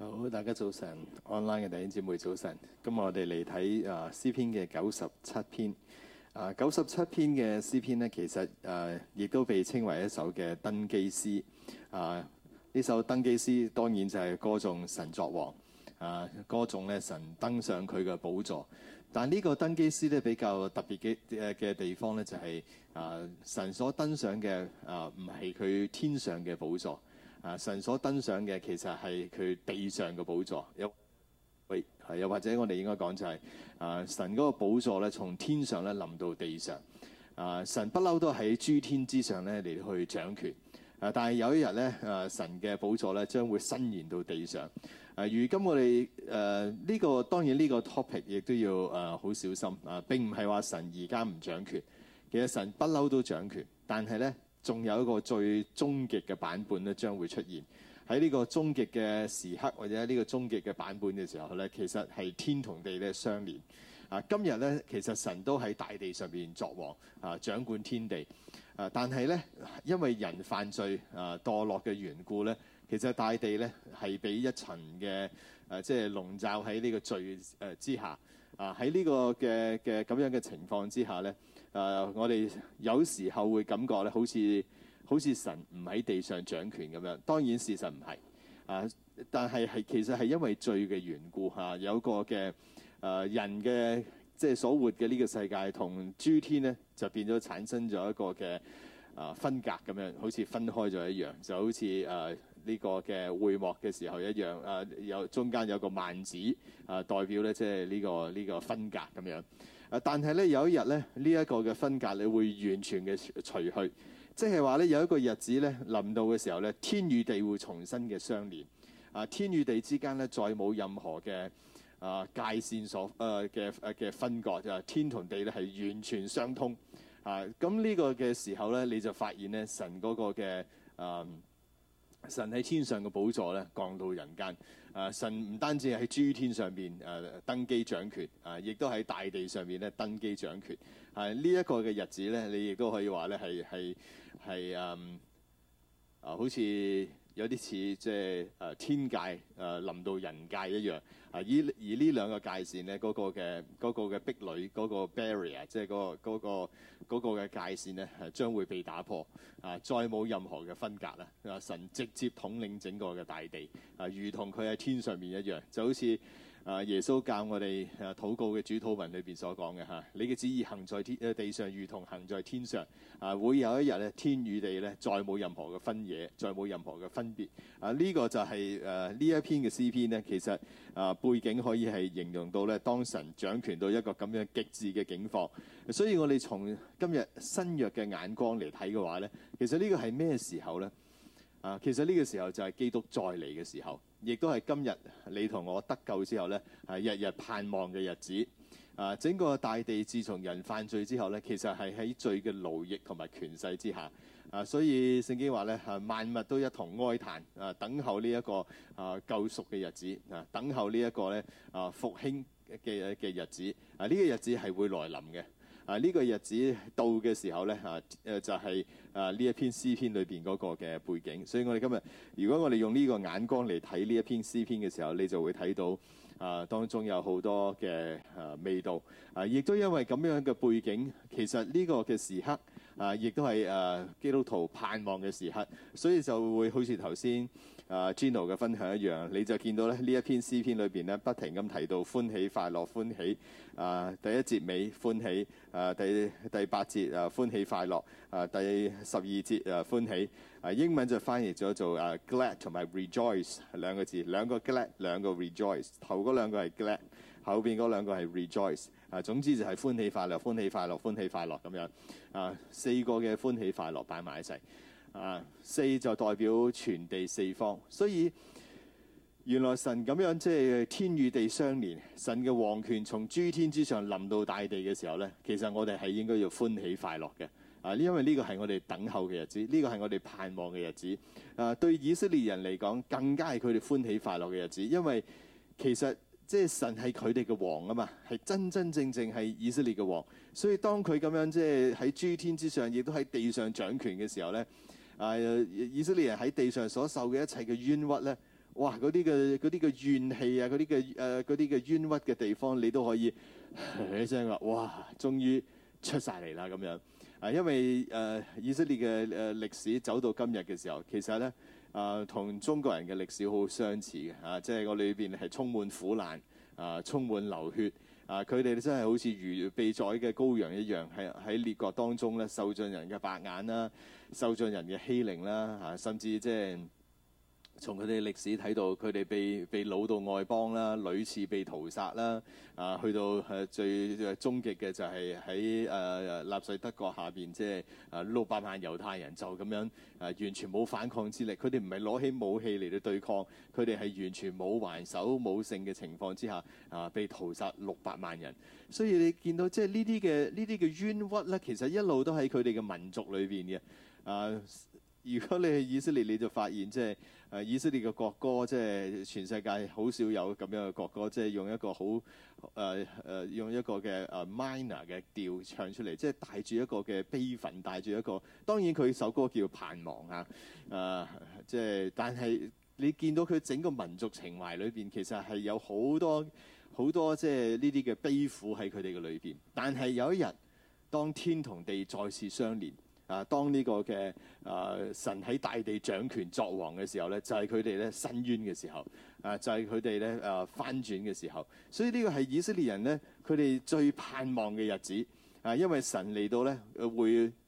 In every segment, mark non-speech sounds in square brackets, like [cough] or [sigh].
好，大家早晨，online 嘅弟兄姊妹早晨。今日我哋嚟睇啊詩篇嘅九十七篇。啊、呃，九十七篇嘅詩篇呢，其實誒、呃、亦都被稱為一首嘅登基詩。啊、呃，呢首登基詩當然就係歌頌神作王。啊、呃，歌頌咧神登上佢嘅寶座。但呢個登基詩咧比較特別嘅嘅地方咧，就係、是、啊、呃、神所登上嘅啊唔係佢天上嘅寶座。啊！神所登上嘅其實係佢地上嘅寶座。又喂，係又或者我哋應該講就係、是、啊，神嗰個寶座咧從天上咧臨到地上。啊，神不嬲都喺諸天之上咧嚟去掌權。啊，但係有一日咧啊，神嘅寶座咧將會伸延到地上。啊，如今我哋誒呢個當然呢個 topic 亦都要誒好、啊、小心啊。並唔係話神而家唔掌權，其實神不嬲都掌權，但係咧。仲有一個最終極嘅版本咧，將會出現喺呢個終極嘅時刻，或者呢個終極嘅版本嘅時候咧，其實係天同地嘅相連。啊，今日咧，其實神都喺大地上面作王啊，掌管天地。啊，但係咧，因為人犯罪啊墮落嘅緣故咧，其實大地咧係俾一層嘅誒、啊，即係籠罩喺呢個罪誒之下。啊，喺呢個嘅嘅咁樣嘅情況之下咧。誒，uh, 我哋有時候會感覺咧，好似好似神唔喺地上掌權咁樣。當然事實唔係，誒、啊，但係係其實係因為罪嘅緣故嚇、啊，有個嘅誒、啊、人嘅即係所活嘅呢個世界同諸天咧，就變咗產生咗一個嘅誒、啊、分隔咁樣，好似分開咗一樣，就好似誒呢個嘅會幕嘅時候一樣，誒、啊、有中間有個幔子誒、啊、代表咧，即係呢、這個呢、這個分隔咁樣。啊！但係咧，有一日咧，呢一個嘅分隔，你會完全嘅除去，即係話咧，有一個日子咧臨到嘅時候咧，天與地會重新嘅相連，啊，天與地之間咧，再冇任何嘅啊界線所誒嘅嘅分割。就、啊、天同地咧係完全相通，啊，咁呢個嘅時候咧，你就發現咧，神嗰個嘅啊。神喺天上嘅寶座咧降到人間。啊，神唔單止喺諸天上邊誒登基掌權啊，亦都喺大地上面咧登基掌權。係、啊、呢一、啊這個嘅日子咧，你亦都可以話咧係係係誒啊，好似。有啲似即係誒天界誒、呃、臨到人界一樣，啊！依而呢兩個界線咧，嗰、嗰個嘅嗰、嗰個嘅壁壘，嗰、嗰個 barrier，即係嗰、嗰個嗰嘅、嗰個嗰個、界線咧，係、啊、將會被打破，啊！再冇任何嘅分隔啦，啊！神直接統領整個嘅大地，啊！如同佢喺天上面一樣，就好似。啊！耶穌教我哋啊，禱告嘅主禱文裏邊所講嘅嚇，你嘅旨意行在天啊地上，如同行在天上啊！會有一日咧，天與地咧，再冇任何嘅分野，再冇任何嘅分別啊！呢個就係誒呢一篇嘅詩篇咧，其實啊背景可以係形容到咧，當神掌權到一個咁樣極致嘅境況。所以我哋從今日新約嘅眼光嚟睇嘅話咧，其實呢個係咩時候咧？啊，其實呢個時候就係基督再嚟嘅時候。亦都係今日你同我得救之後咧，係日日盼望嘅日子。啊，整個大地自從人犯罪之後咧，其實係喺罪嘅奴役同埋權勢之下。啊，所以聖經話咧，啊萬物都一同哀嘆，啊等候呢一個啊救贖嘅日子，啊等候呢一個咧啊復興嘅嘅日子。啊，呢個日子係會來臨嘅。啊！呢、這個日子到嘅時候呢，啊誒就係、是、啊呢一篇詩篇裏邊嗰個嘅背景。所以我哋今日，如果我哋用呢個眼光嚟睇呢一篇詩篇嘅時候，你就會睇到啊當中有好多嘅誒、啊、味道。啊，亦都因為咁樣嘅背景，其實呢個嘅時刻啊，亦都係誒、啊、基督徒盼望嘅時刻，所以就會好似頭先。啊 Gino 嘅分享一樣，你就見到咧呢一篇詩篇裏邊咧，不停咁提到歡喜快樂、歡喜。啊，第一節尾歡喜。啊，第第八節啊歡喜快樂。啊，第十二節啊歡喜。啊，英文就翻譯咗做啊 glad 同埋 rejoice 兩個字，兩個 glad 兩個 rejoice，頭嗰兩個係 glad，後邊嗰兩個係 rejoice。啊，總之就係歡喜快樂、歡喜快樂、歡喜快樂咁樣。啊，四個嘅歡喜快樂擺埋一齊。啊，四就代表全地四方，所以原來神咁樣即係天與地相連，神嘅王權從諸天之上臨到大地嘅時候呢，其實我哋係應該要歡喜快樂嘅。啊，因為呢個係我哋等候嘅日子，呢個係我哋盼望嘅日子。啊，對以色列人嚟講，更加係佢哋歡喜快樂嘅日子，因為其實即係神係佢哋嘅王啊嘛，係真真正正係以色列嘅王。所以當佢咁樣即係喺諸天之上，亦都喺地上掌權嘅時候呢。啊！以色列人喺地上所受嘅一切嘅冤屈咧，哇！嗰啲嘅啲嘅怨氣啊，嗰啲嘅誒啲嘅冤屈嘅地方，你都可以誒聲話，哇！終於出晒嚟啦咁樣啊！因為誒、啊、以色列嘅誒、啊、歷史走到今日嘅時候，其實咧啊，同中國人嘅歷史好相似嘅啊，即係個裏邊係充滿苦難啊，充滿流血啊，佢哋真係好似如被宰嘅羔羊一樣，係喺列國當中咧受盡人嘅白眼啦。受盡人嘅欺凌啦，嚇、啊，甚至即係從佢哋歷史睇到，佢哋被被擄到外邦啦，屢次被屠殺啦，啊，去到係最，最終極嘅就係喺誒納粹德國下邊，就是，即係啊六百萬猶太人就咁樣誒、啊、完全冇反抗之力，佢哋唔係攞起武器嚟對抗，佢哋係完全冇還手冇勝嘅情況之下啊被屠殺六百萬人。所以你見到即係呢啲嘅呢啲嘅冤屈咧，其實一路都喺佢哋嘅民族裏邊嘅。啊！Uh, 如果你係以色列，你就發現即係啊，以色列嘅國歌即係全世界好少有咁樣嘅國歌，即係用一個好誒誒用一個嘅誒 minor 嘅調唱出嚟，即係帶住一個嘅悲憤，帶住一個當然佢首歌叫《盼望》啊！啊，即係但係你見到佢整個民族情懷裏邊，其實係有好多好多即係呢啲嘅悲苦喺佢哋嘅裏邊。但係有一日，當天同地再次相連。啊！當呢個嘅啊神喺大地掌權作王嘅時候咧，就係佢哋咧伸冤嘅時候，啊就係佢哋咧啊翻轉嘅時候，所以呢個係以色列人咧，佢哋最盼望嘅日子啊，因為神嚟到咧，會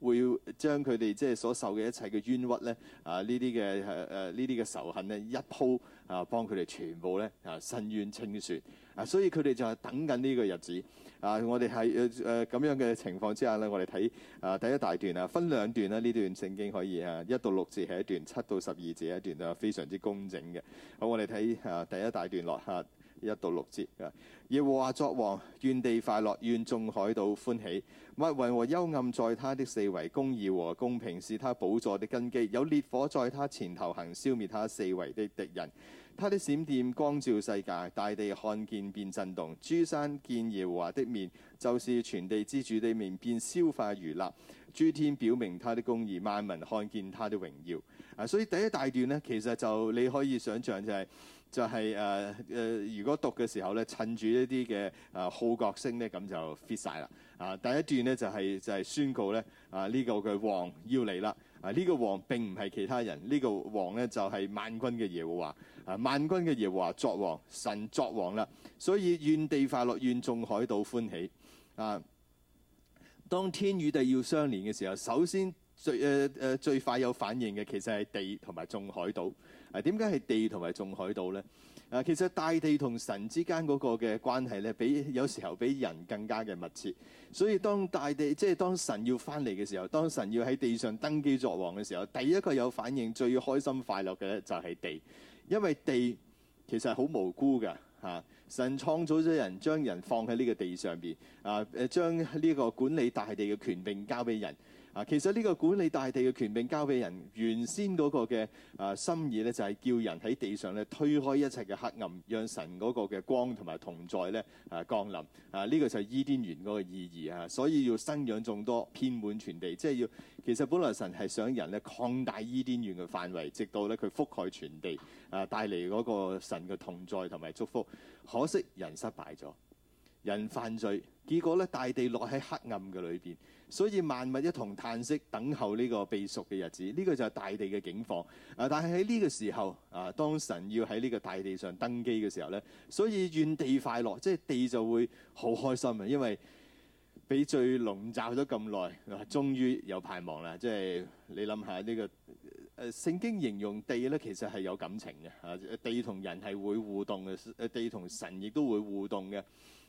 會將佢哋即係所受嘅一切嘅冤屈咧啊呢啲嘅誒誒呢啲嘅仇恨咧一鋪啊幫佢哋全部咧啊伸冤清算啊，所以佢哋就係等緊呢個日子。啊！我哋係誒誒咁樣嘅情況之下呢，我哋睇啊第一大段啊，分兩段啦。呢段聖經可以啊，一到六字係一段，七到十二字一段啊，非常之工整嘅。好，我哋睇啊第一大段落嚇、啊，一到六節啊。耶和華、啊、作王，願地快樂，願眾海島歡喜。密雲和幽暗在他的四圍，公義和公平是他寶座的根基，有烈火在他前頭行，消滅他四圍的敵人。他的閃電光照世界，大地看見便震動；諸山見耶和華的面，就是全地之主的面，便消化如蠟；諸天表明他的公義，萬民看見他的榮耀。啊，所以第一大段呢，其實就你可以想象就係、是、就係誒誒，如果讀嘅時候咧，趁住一啲嘅誒號角聲咧，咁就 fit 晒啦。啊，第一段呢，就係、是、就係、是、宣告咧啊，呢、這個嘅王要嚟啦。啊！呢、這個王並唔係其他人，呢、這個王呢，就係萬軍嘅耶和華。啊！萬軍嘅耶和華作王，神作王啦。所以願地快樂，願眾海島歡喜。啊！當天與地要相連嘅時候，首先最誒誒、呃、最快有反應嘅，其實係地同埋眾海島。啊！點解係地同埋眾海島咧？啊，其實大地同神之間嗰個嘅關係咧，比有時候比人更加嘅密切。所以當大地即係當神要翻嚟嘅時候，當神要喺地上登基作王嘅時候，第一個有反應、最開心快樂嘅咧就係地，因為地其實係好無辜㗎嚇、啊。神創造咗人，將人放喺呢個地上邊啊，誒將呢個管理大地嘅權柄交俾人。啊，其實呢個管理大地嘅權柄交俾人，原先嗰個嘅啊心意咧，就係、是、叫人喺地上咧推開一切嘅黑暗，讓神嗰個嘅光同埋同在咧啊降臨啊，呢、啊這個就係伊甸園嗰個意義啊，所以要生養眾多，遍滿全地，即係要其實本來神係想人咧擴大伊甸園嘅範圍，直到咧佢覆蓋全地啊，帶嚟嗰個神嘅同在同埋祝福。可惜人失敗咗，人犯罪，結果咧大地落喺黑暗嘅裏邊。所以萬物一同嘆息，等候呢個被贖嘅日子。呢、這個就係大地嘅景況。啊，但係喺呢個時候，啊，當神要喺呢個大地上登基嘅時候咧，所以願地快樂，即係地就會好開心嘅，因為俾罪籠罩咗咁耐，嗱、啊，終於有盼望啦。即係你諗下呢個誒聖、啊、經形容地咧，其實係有感情嘅嚇、啊。地同人係會互動嘅，誒地同神亦都會互動嘅。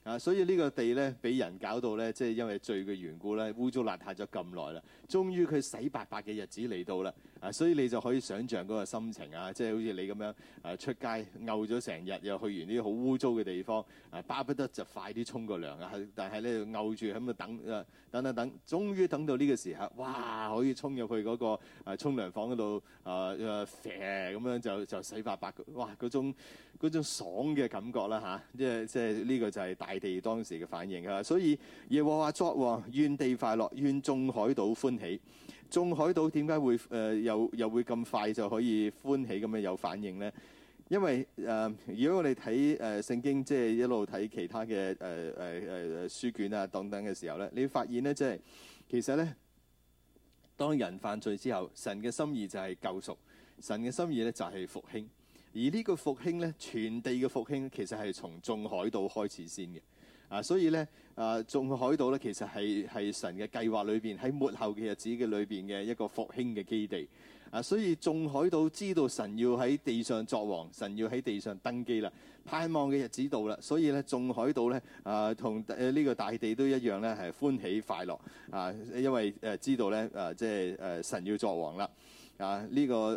啊，所以呢個地咧，俾人搞到咧，即係因為醉嘅緣故咧，污糟邋遢咗咁耐啦。終於佢洗白白嘅日子嚟到啦。啊，所以你就可以想象嗰個心情啊，即係好似你咁樣啊，出街漚咗成日，又去完呢啲好污糟嘅地方，啊，巴不得就快啲沖個涼啊。但係咧漚住喺度等啊，等等等，終於等到呢個時候，哇！可以沖入去嗰個啊沖涼房嗰度啊啊啡咁樣就就洗白白嘅，哇！嗰種嗰種爽嘅感覺啦嚇，即係即係呢個就係大。地當時嘅反應啊，所以耶和華作王，願地快樂，願眾海島歡喜。眾海島點解會誒、呃、又又會咁快就可以歡喜咁樣有反應咧？因為誒、呃，如果我哋睇誒聖經，即係一路睇其他嘅誒誒誒書卷啊等等嘅時候咧，你發現咧即係其實咧，當人犯罪之後，神嘅心意就係救贖，神嘅心意咧就係復興。而呢個復興咧，全地嘅復興其實係從眾海島開始先嘅，啊，所以咧，啊、呃，眾海島咧其實係係神嘅計劃裏邊喺末後嘅日子嘅裏邊嘅一個復興嘅基地，啊，所以眾海島知道神要喺地上作王，神要喺地上登基啦，盼望嘅日子到啦，所以咧眾海島咧啊，同誒呢個大地都一樣咧，係歡喜快樂啊，因為誒、呃、知道咧啊、呃，即係誒、呃、神要作王啦。啊！呢、這個誒誒、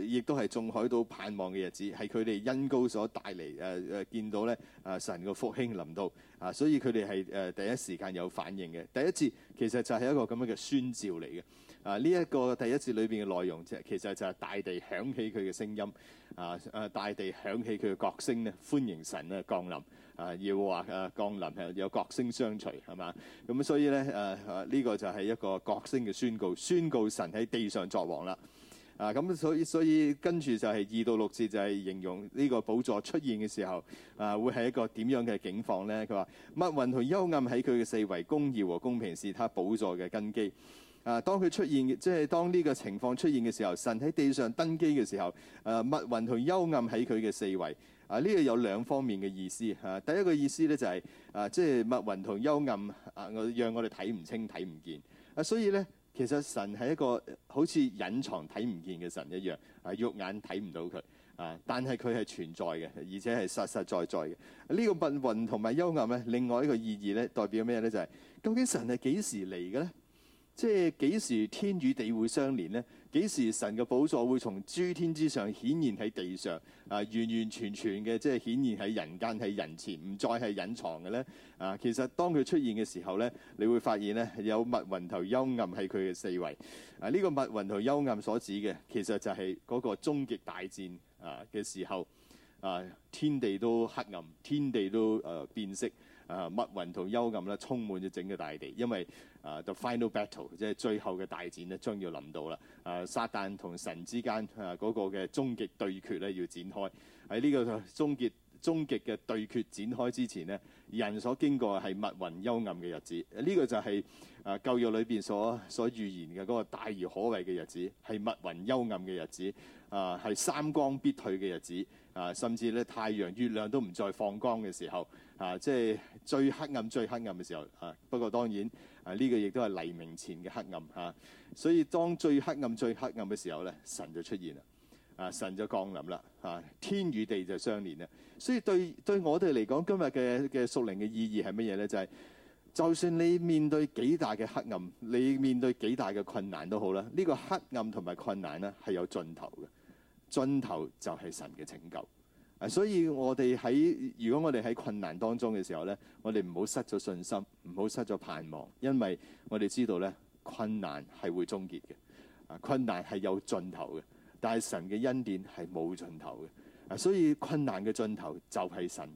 啊，亦都係眾海島盼望嘅日子，係佢哋恩膏所帶嚟誒誒，見到咧啊神嘅福興臨到啊，所以佢哋係誒第一時間有反應嘅。第一節其實就係一個咁樣嘅宣召嚟嘅啊！呢、這、一個第一節裏邊嘅內容，即係其實就係、是、大地響起佢嘅聲音啊啊！大地響起佢嘅角聲咧，歡迎神咧降臨。啊，要話啊，降臨係有角聲相隨，係嘛？咁所以咧，誒、啊、呢、這個就係一個角聲嘅宣告，宣告神喺地上作王啦。啊，咁所以所以跟住就係二到六節就係形容呢個寶座出現嘅時候，啊會係一個點樣嘅境況咧？佢話密雲同幽暗喺佢嘅四圍，公義和公平是他寶座嘅根基。啊，當佢出現，即、就、係、是、當呢個情況出現嘅時候，神喺地上登基嘅時候，誒密雲同幽暗喺佢嘅四圍。啊！呢、這個有兩方面嘅意思嚇、啊。第一個意思咧就係、是、啊，即係密雲同幽暗啊，我讓我哋睇唔清睇唔見啊。所以咧，其實神係一個好似隱藏、睇唔見嘅神一樣啊，肉眼睇唔到佢啊，但係佢係存在嘅，而且係實實在在嘅。啊這個、雲呢個密雲同埋幽暗咧，另外一個意義咧，代表咩咧？就係、是、究竟神係幾時嚟嘅咧？即係幾時天與地會相連咧？幾時神嘅寶座會從諸天之上顯現喺地上？啊，完完全全嘅即係顯現喺人間、喺人前，唔再係隱藏嘅咧。啊，其實當佢出現嘅時候咧，你會發現咧有密雲頭幽暗係佢嘅四圍。啊，呢、這個密雲頭幽暗所指嘅，其實就係嗰個終極大戰啊嘅時候，啊天地都黑暗，天地都誒變色。啊！密雲同幽暗啦，充滿咗整個大地，因為啊，The Final Battle 即係最後嘅大戰咧，將要臨到啦。啊，撒旦同神之間啊，嗰、那個嘅終極對決咧，要展開。喺呢個終結、終極嘅對決展開之前呢，人所經過係密雲幽暗嘅日子。呢個就係啊，舊約裏邊所所預言嘅嗰個大而可畏嘅日子，係、啊、密雲幽暗嘅日子啊，係三光必退嘅日子啊，甚至咧太陽、月亮都唔再放光嘅時候。啊！即係最黑暗、最黑暗嘅時候啊！不過當然啊，呢、這個亦都係黎明前嘅黑暗啊！所以當最黑暗、最黑暗嘅時候咧，神就出現啦！啊，神就降臨啦！啊，天與地就相連啦！所以對對我哋嚟講，今日嘅嘅屬靈嘅意義係乜嘢咧？就係、是、就算你面對幾大嘅黑暗，你面對幾大嘅困難都好啦，呢、這個黑暗同埋困難咧係有盡頭嘅，盡頭就係神嘅拯救。啊、所以我哋喺如果我哋喺困難當中嘅時候咧，我哋唔好失咗信心，唔好失咗盼望，因為我哋知道咧，困難係會終結嘅，啊，困難係有盡頭嘅，但係神嘅恩典係冇盡頭嘅，啊，所以困難嘅盡頭就係神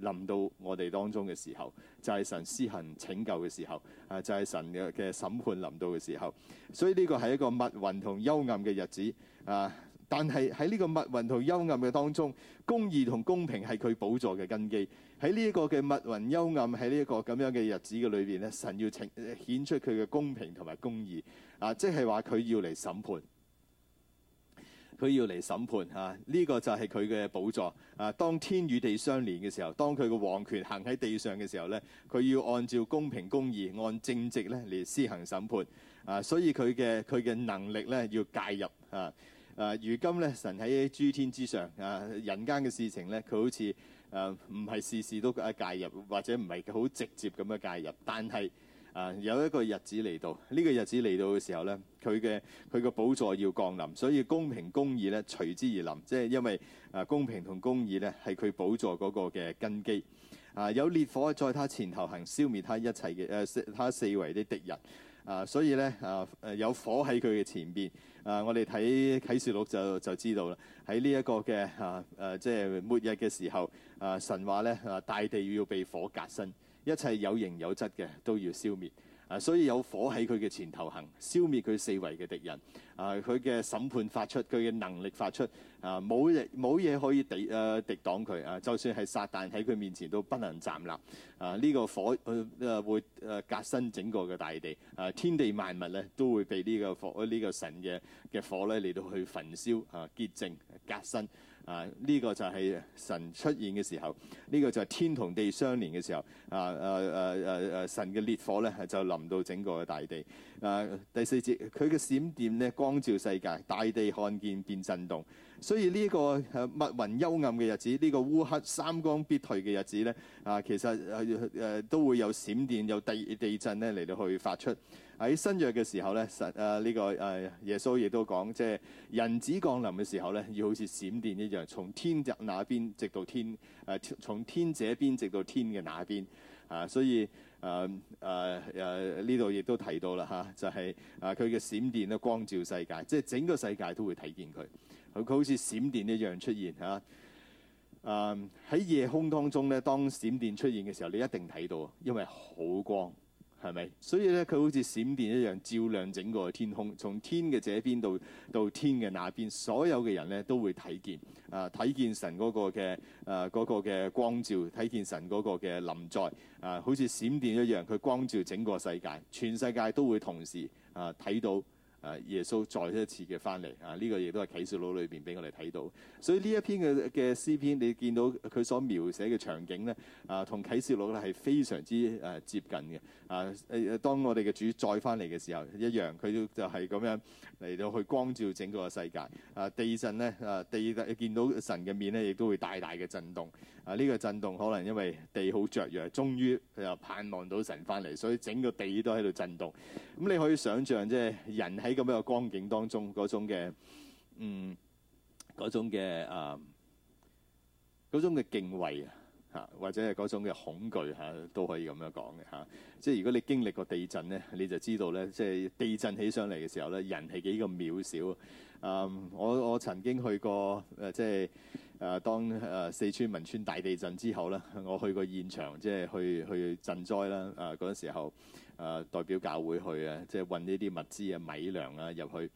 臨到我哋當中嘅時候，就係神施行拯救嘅時候，啊，就係神嘅嘅審判臨到嘅時候，所以呢個係一個密雲同幽暗嘅日子，啊。但係喺呢個密雲同幽暗嘅當中，公義同公平係佢寶座嘅根基。喺呢一個嘅密雲幽暗，喺呢一個咁樣嘅日子嘅裏邊咧，神要呈顯出佢嘅公平同埋公義啊，即係話佢要嚟審判，佢要嚟審判啊。呢個就係佢嘅寶座啊。當天與地相連嘅時候，當佢嘅王權行喺地上嘅時候咧，佢要按照公平公義，按正直咧嚟施行審判啊。所以佢嘅佢嘅能力咧要介入啊。.啊，如今咧，神喺諸天之上，啊，人間嘅事情咧，佢好似啊，唔係事事都啊介入，或者唔係好直接咁樣介入。但係啊，有一個日子嚟到，呢、這個日子嚟到嘅時候咧，佢嘅佢個寶座要降臨，所以公平公義咧隨之而臨，即、就、係、是、因為啊，公平同公義咧係佢寶座嗰個嘅根基。啊，有烈火在他前頭行，消滅他一切嘅誒，他四圍的敵人。啊，所以咧啊，啊，有火喺佢嘅前邊。啊，我哋睇啟示錄就就知道啦。喺呢一個嘅啊，誒、啊，即係末日嘅時候，啊，神話咧啊，大地要被火隔身，一切有形有質嘅都要消滅。啊！所以有火喺佢嘅前頭行，消滅佢四圍嘅敵人。啊！佢嘅審判發出，佢嘅能力發出。啊！冇嘢冇嘢可以抵誒、啊、敵擋佢。啊！就算係撒但喺佢面前都不能站立。啊！呢、這個火誒誒、啊、會誒革新整個嘅大地。啊！天地萬物咧都會被呢個火呢、這個神嘅嘅火咧嚟到去焚燒啊潔淨革新。啊！呢、這個就係神出現嘅時候，呢、這個就係天同地相連嘅時候。啊啊啊啊啊！神嘅烈火咧就臨到整個嘅大地。啊，第四節，佢嘅閃電咧光照世界，大地看見便震動。所以呢個密雲幽暗嘅日子，呢、這個烏黑三光必退嘅日子咧啊，其實誒、啊啊、都會有閃電，有地地震咧嚟到去發出。喺新約嘅時候咧，神啊呢、這個誒、啊、耶穌亦都講，即、就、係、是、人子降臨嘅時候咧，要好似閃電一樣，從天這那邊直到天誒、啊、從天這邊直到天嘅那邊啊，所以誒誒誒呢度亦都提到啦嚇、啊，就係啊佢嘅閃電咧光照世界，即、就、係、是、整個世界都會睇見佢，佢好似閃電一樣出現嚇。誒、啊、喺夜空當中咧，當閃電出現嘅時候，你一定睇到，因為好光。係咪？所以咧，佢好似閃電一樣照亮整個天空，從天嘅這邊到到天嘅那邊，所有嘅人咧都會睇見啊！呃、睇見神嗰個嘅啊嗰個嘅光照，呃、睇見神嗰個嘅臨在啊，好似閃電一樣，佢光照整個世界，全世界都會同時啊呃、睇到。啊！耶穌再一次嘅翻嚟啊，呢個亦都係啟示錄裏邊俾我哋睇到。所以呢一篇嘅嘅詩篇，你見到佢所描寫嘅場景咧，啊，同啟示錄咧係非常之誒接近嘅。啊誒，當我哋嘅主再翻嚟嘅時候，一樣佢就係咁樣嚟到去光照整個世界。啊，地震咧啊，地，啊地，啊地啊見到神嘅面咧，亦都會大大嘅震動。啊！呢、這個震動可能因為地好雀躍，終於佢又盼望到神翻嚟，所以整個地都喺度震動。咁、嗯、你可以想象、就是，即係人喺咁樣嘅光景當中，嗰種嘅嗯，嗰種嘅啊，嗰種嘅敬畏啊，或者係嗰種嘅恐懼嚇、啊、都可以咁樣講嘅嚇。即係如果你經歷過地震咧，你就知道咧，即係地震起上嚟嘅時候咧，人係幾咁渺小啊！我我曾經去過誒、啊，即係。誒、啊、當誒、啊、四川汶川大地震之後咧，我去過現場，即係去去賑災啦。誒，嗰陣時候誒、啊、代表教會去啊，即係運呢啲物資啊、米糧啊入去。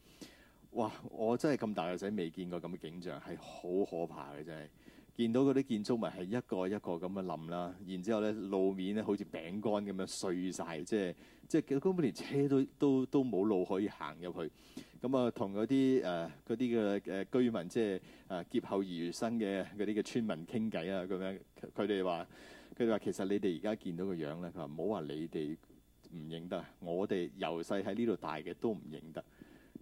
哇！我真係咁大個仔未見過咁嘅景象，係好可怕嘅真係。見到嗰啲建築物係一個一個咁樣冧啦，然之後咧，路面咧好似餅乾咁樣碎晒，即係即係根本連車都都都冇路可以行入去。咁啊，同嗰啲誒啲嘅誒居民，即係誒、呃、劫後餘生嘅嗰啲嘅村民傾偈啊，咁樣佢哋話：佢哋話其實你哋而家見到個樣咧，佢話唔好話你哋唔認得，我哋由細喺呢度大嘅都唔認得。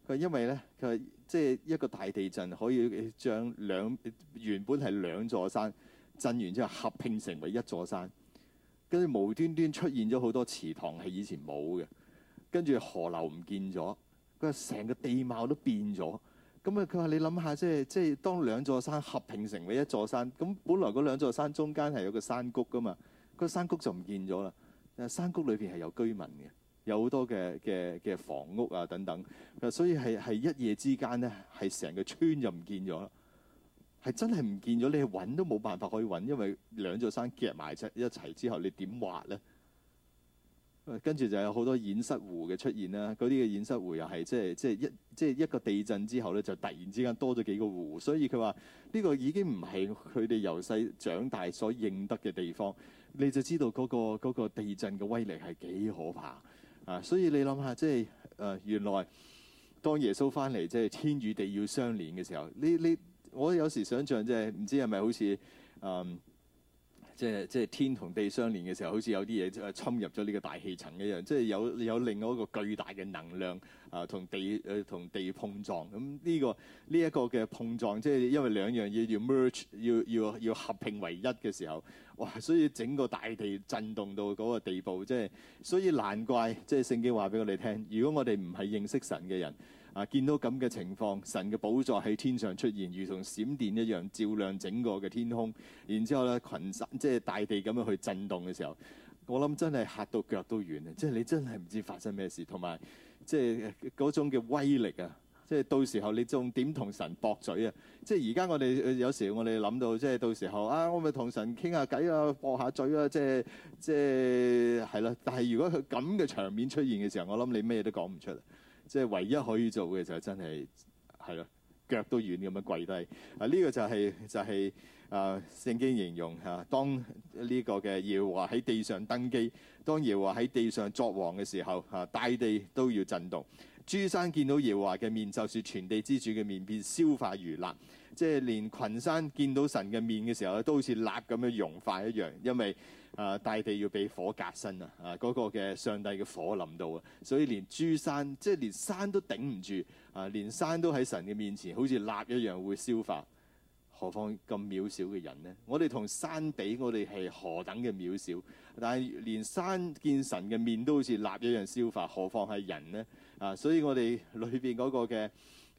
佢話因為咧，佢話即係一個大地震可以將兩原本係兩座山震完之後合併成為一座山，跟住無端端出現咗好多池塘係以前冇嘅，跟住河流唔見咗。佢話成個地貌都變咗，咁啊佢話你諗下，即係即係當兩座山合併成為一座山，咁本來嗰兩座山中間係有個山谷噶嘛，個山谷就唔見咗啦。山谷裏邊係有居民嘅，有好多嘅嘅嘅房屋啊等等。所以係係一夜之間咧，係成個村就唔見咗，係真係唔見咗，你揾都冇辦法可以揾，因為兩座山夾埋一齊之後，你點挖咧？跟住就有好多堰塞湖嘅出現啦，嗰啲嘅堰塞湖又係即係即係一即係一個地震之後咧，就突然之間多咗幾個湖，所以佢話呢個已經唔係佢哋由細長大所認得嘅地方，你就知道嗰、嗰個嗰個地震嘅威力係幾可怕啊！所以你諗下，即係誒、呃、原來當耶穌翻嚟即係天與地要相連嘅時候，你你我有時想像即係唔知係咪好似誒？嗯即係即係天同地相連嘅時候，好似有啲嘢侵入咗呢個大氣層一樣，即係有有另外一個巨大嘅能量啊，同地誒、呃、同地碰撞咁呢、嗯這個呢一、這個嘅碰撞，即係因為兩樣嘢要 merge，要要要合併為一嘅時候，哇！所以整個大地震動到嗰個地步，即係所以難怪即係聖經話俾我哋聽，如果我哋唔係認識神嘅人。啊！見到咁嘅情況，神嘅寶座喺天上出現，如同閃電一樣照亮整個嘅天空。然之後咧，羣山即係大地咁樣去震動嘅時候，我諗真係嚇到腳都軟啊！即係你真係唔知發生咩事，同埋即係嗰種嘅威力啊！即係到時候你仲點同神駁嘴啊？即係而家我哋有時我哋諗到，即係到時候啊，我咪同神傾下偈啊，駁下嘴啊！即係即係係啦。但係如果佢咁嘅場面出現嘅時候，我諗你咩都講唔出。即係唯一可以做嘅就係真係係咯，腳都軟咁樣跪低啊！呢、這個就係、是、就係啊聖經形容嚇、啊、當呢個嘅耶和華喺地上登基，當耶和華喺地上作王嘅時候嚇、啊、大地都要震動，諸山見到耶和華嘅面就是全地之主嘅面，便消化如蠟，即係連群山見到神嘅面嘅時候咧都好似蠟咁樣融化一樣，因為。啊！大地要畀火隔身啊！啊，嗰、啊嗰個嘅上帝嘅火臨到啊，所以連珠山即係連山都頂唔住啊！連山都喺神嘅面前好似蠟一樣會消化，何況咁渺小嘅人呢？我哋同山比，我哋係何等嘅渺小？但係連山見神嘅面都好似蠟一樣消化，何況係人呢？啊！所以我哋裏邊嗰個嘅。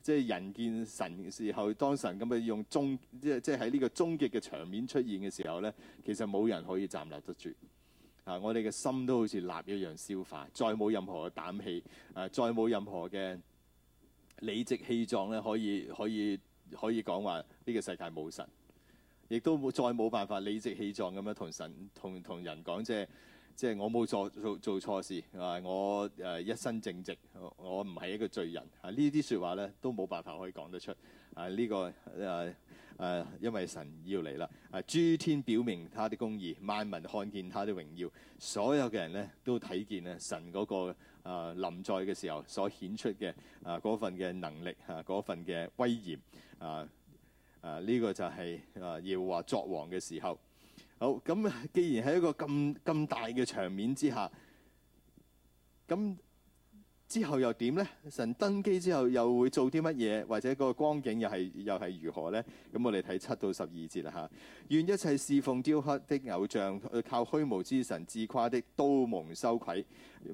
即係人見神嘅時候，當神咁樣用終，即係即係喺呢個終極嘅場面出現嘅時候咧，其實冇人可以站立得住啊！我哋嘅心都好似蠟一樣消化，再冇任何嘅膽氣啊，再冇任何嘅理直氣壯咧，可以可以可以講話呢個世界冇神，亦都冇再冇辦法理直氣壯咁樣同神同同人講即係。即係我冇做做做錯事，係嘛，我誒一身正直，我唔係一個罪人啊！說呢啲説話咧都冇辦法可以講得出啊！呢、這個誒誒、啊啊，因為神要嚟啦，誒、啊、諸天表明他的公義，萬民看見他的榮耀，所有嘅人咧都睇見咧神嗰、那個誒臨、啊、在嘅時候所顯出嘅誒嗰份嘅能力嚇，嗰、啊、份嘅威嚴啊啊！呢、啊這個就係、是、誒、啊、要話作王嘅時候。好咁，既然喺一個咁咁大嘅場面之下，咁之後又點呢？神登基之後又會做啲乜嘢，或者個光景又係又係如何呢？咁我哋睇七到十二節啦嚇、啊。願一切事奉雕刻的偶像、靠虛無之神自誇的都蒙羞愧。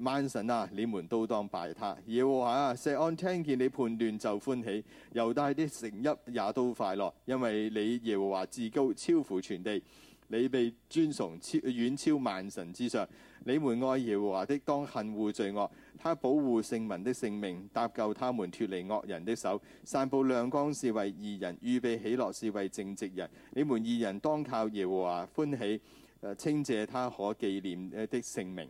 萬神啊，你們都當拜他。耶和華啊、錫安聽見你判斷就歡喜，猶大啲城邑也都快樂，因為你耶和華至高超乎全地。你被尊崇超遠超萬神之上。你們愛耶和華的，當恨惡罪惡。他保護聖民的性命，搭救他們脱離惡人的手。散布亮光是為義人預備喜樂，是為正直人。你們義人當靠耶和華歡喜，誒、啊，稱謝他可紀念的聖名。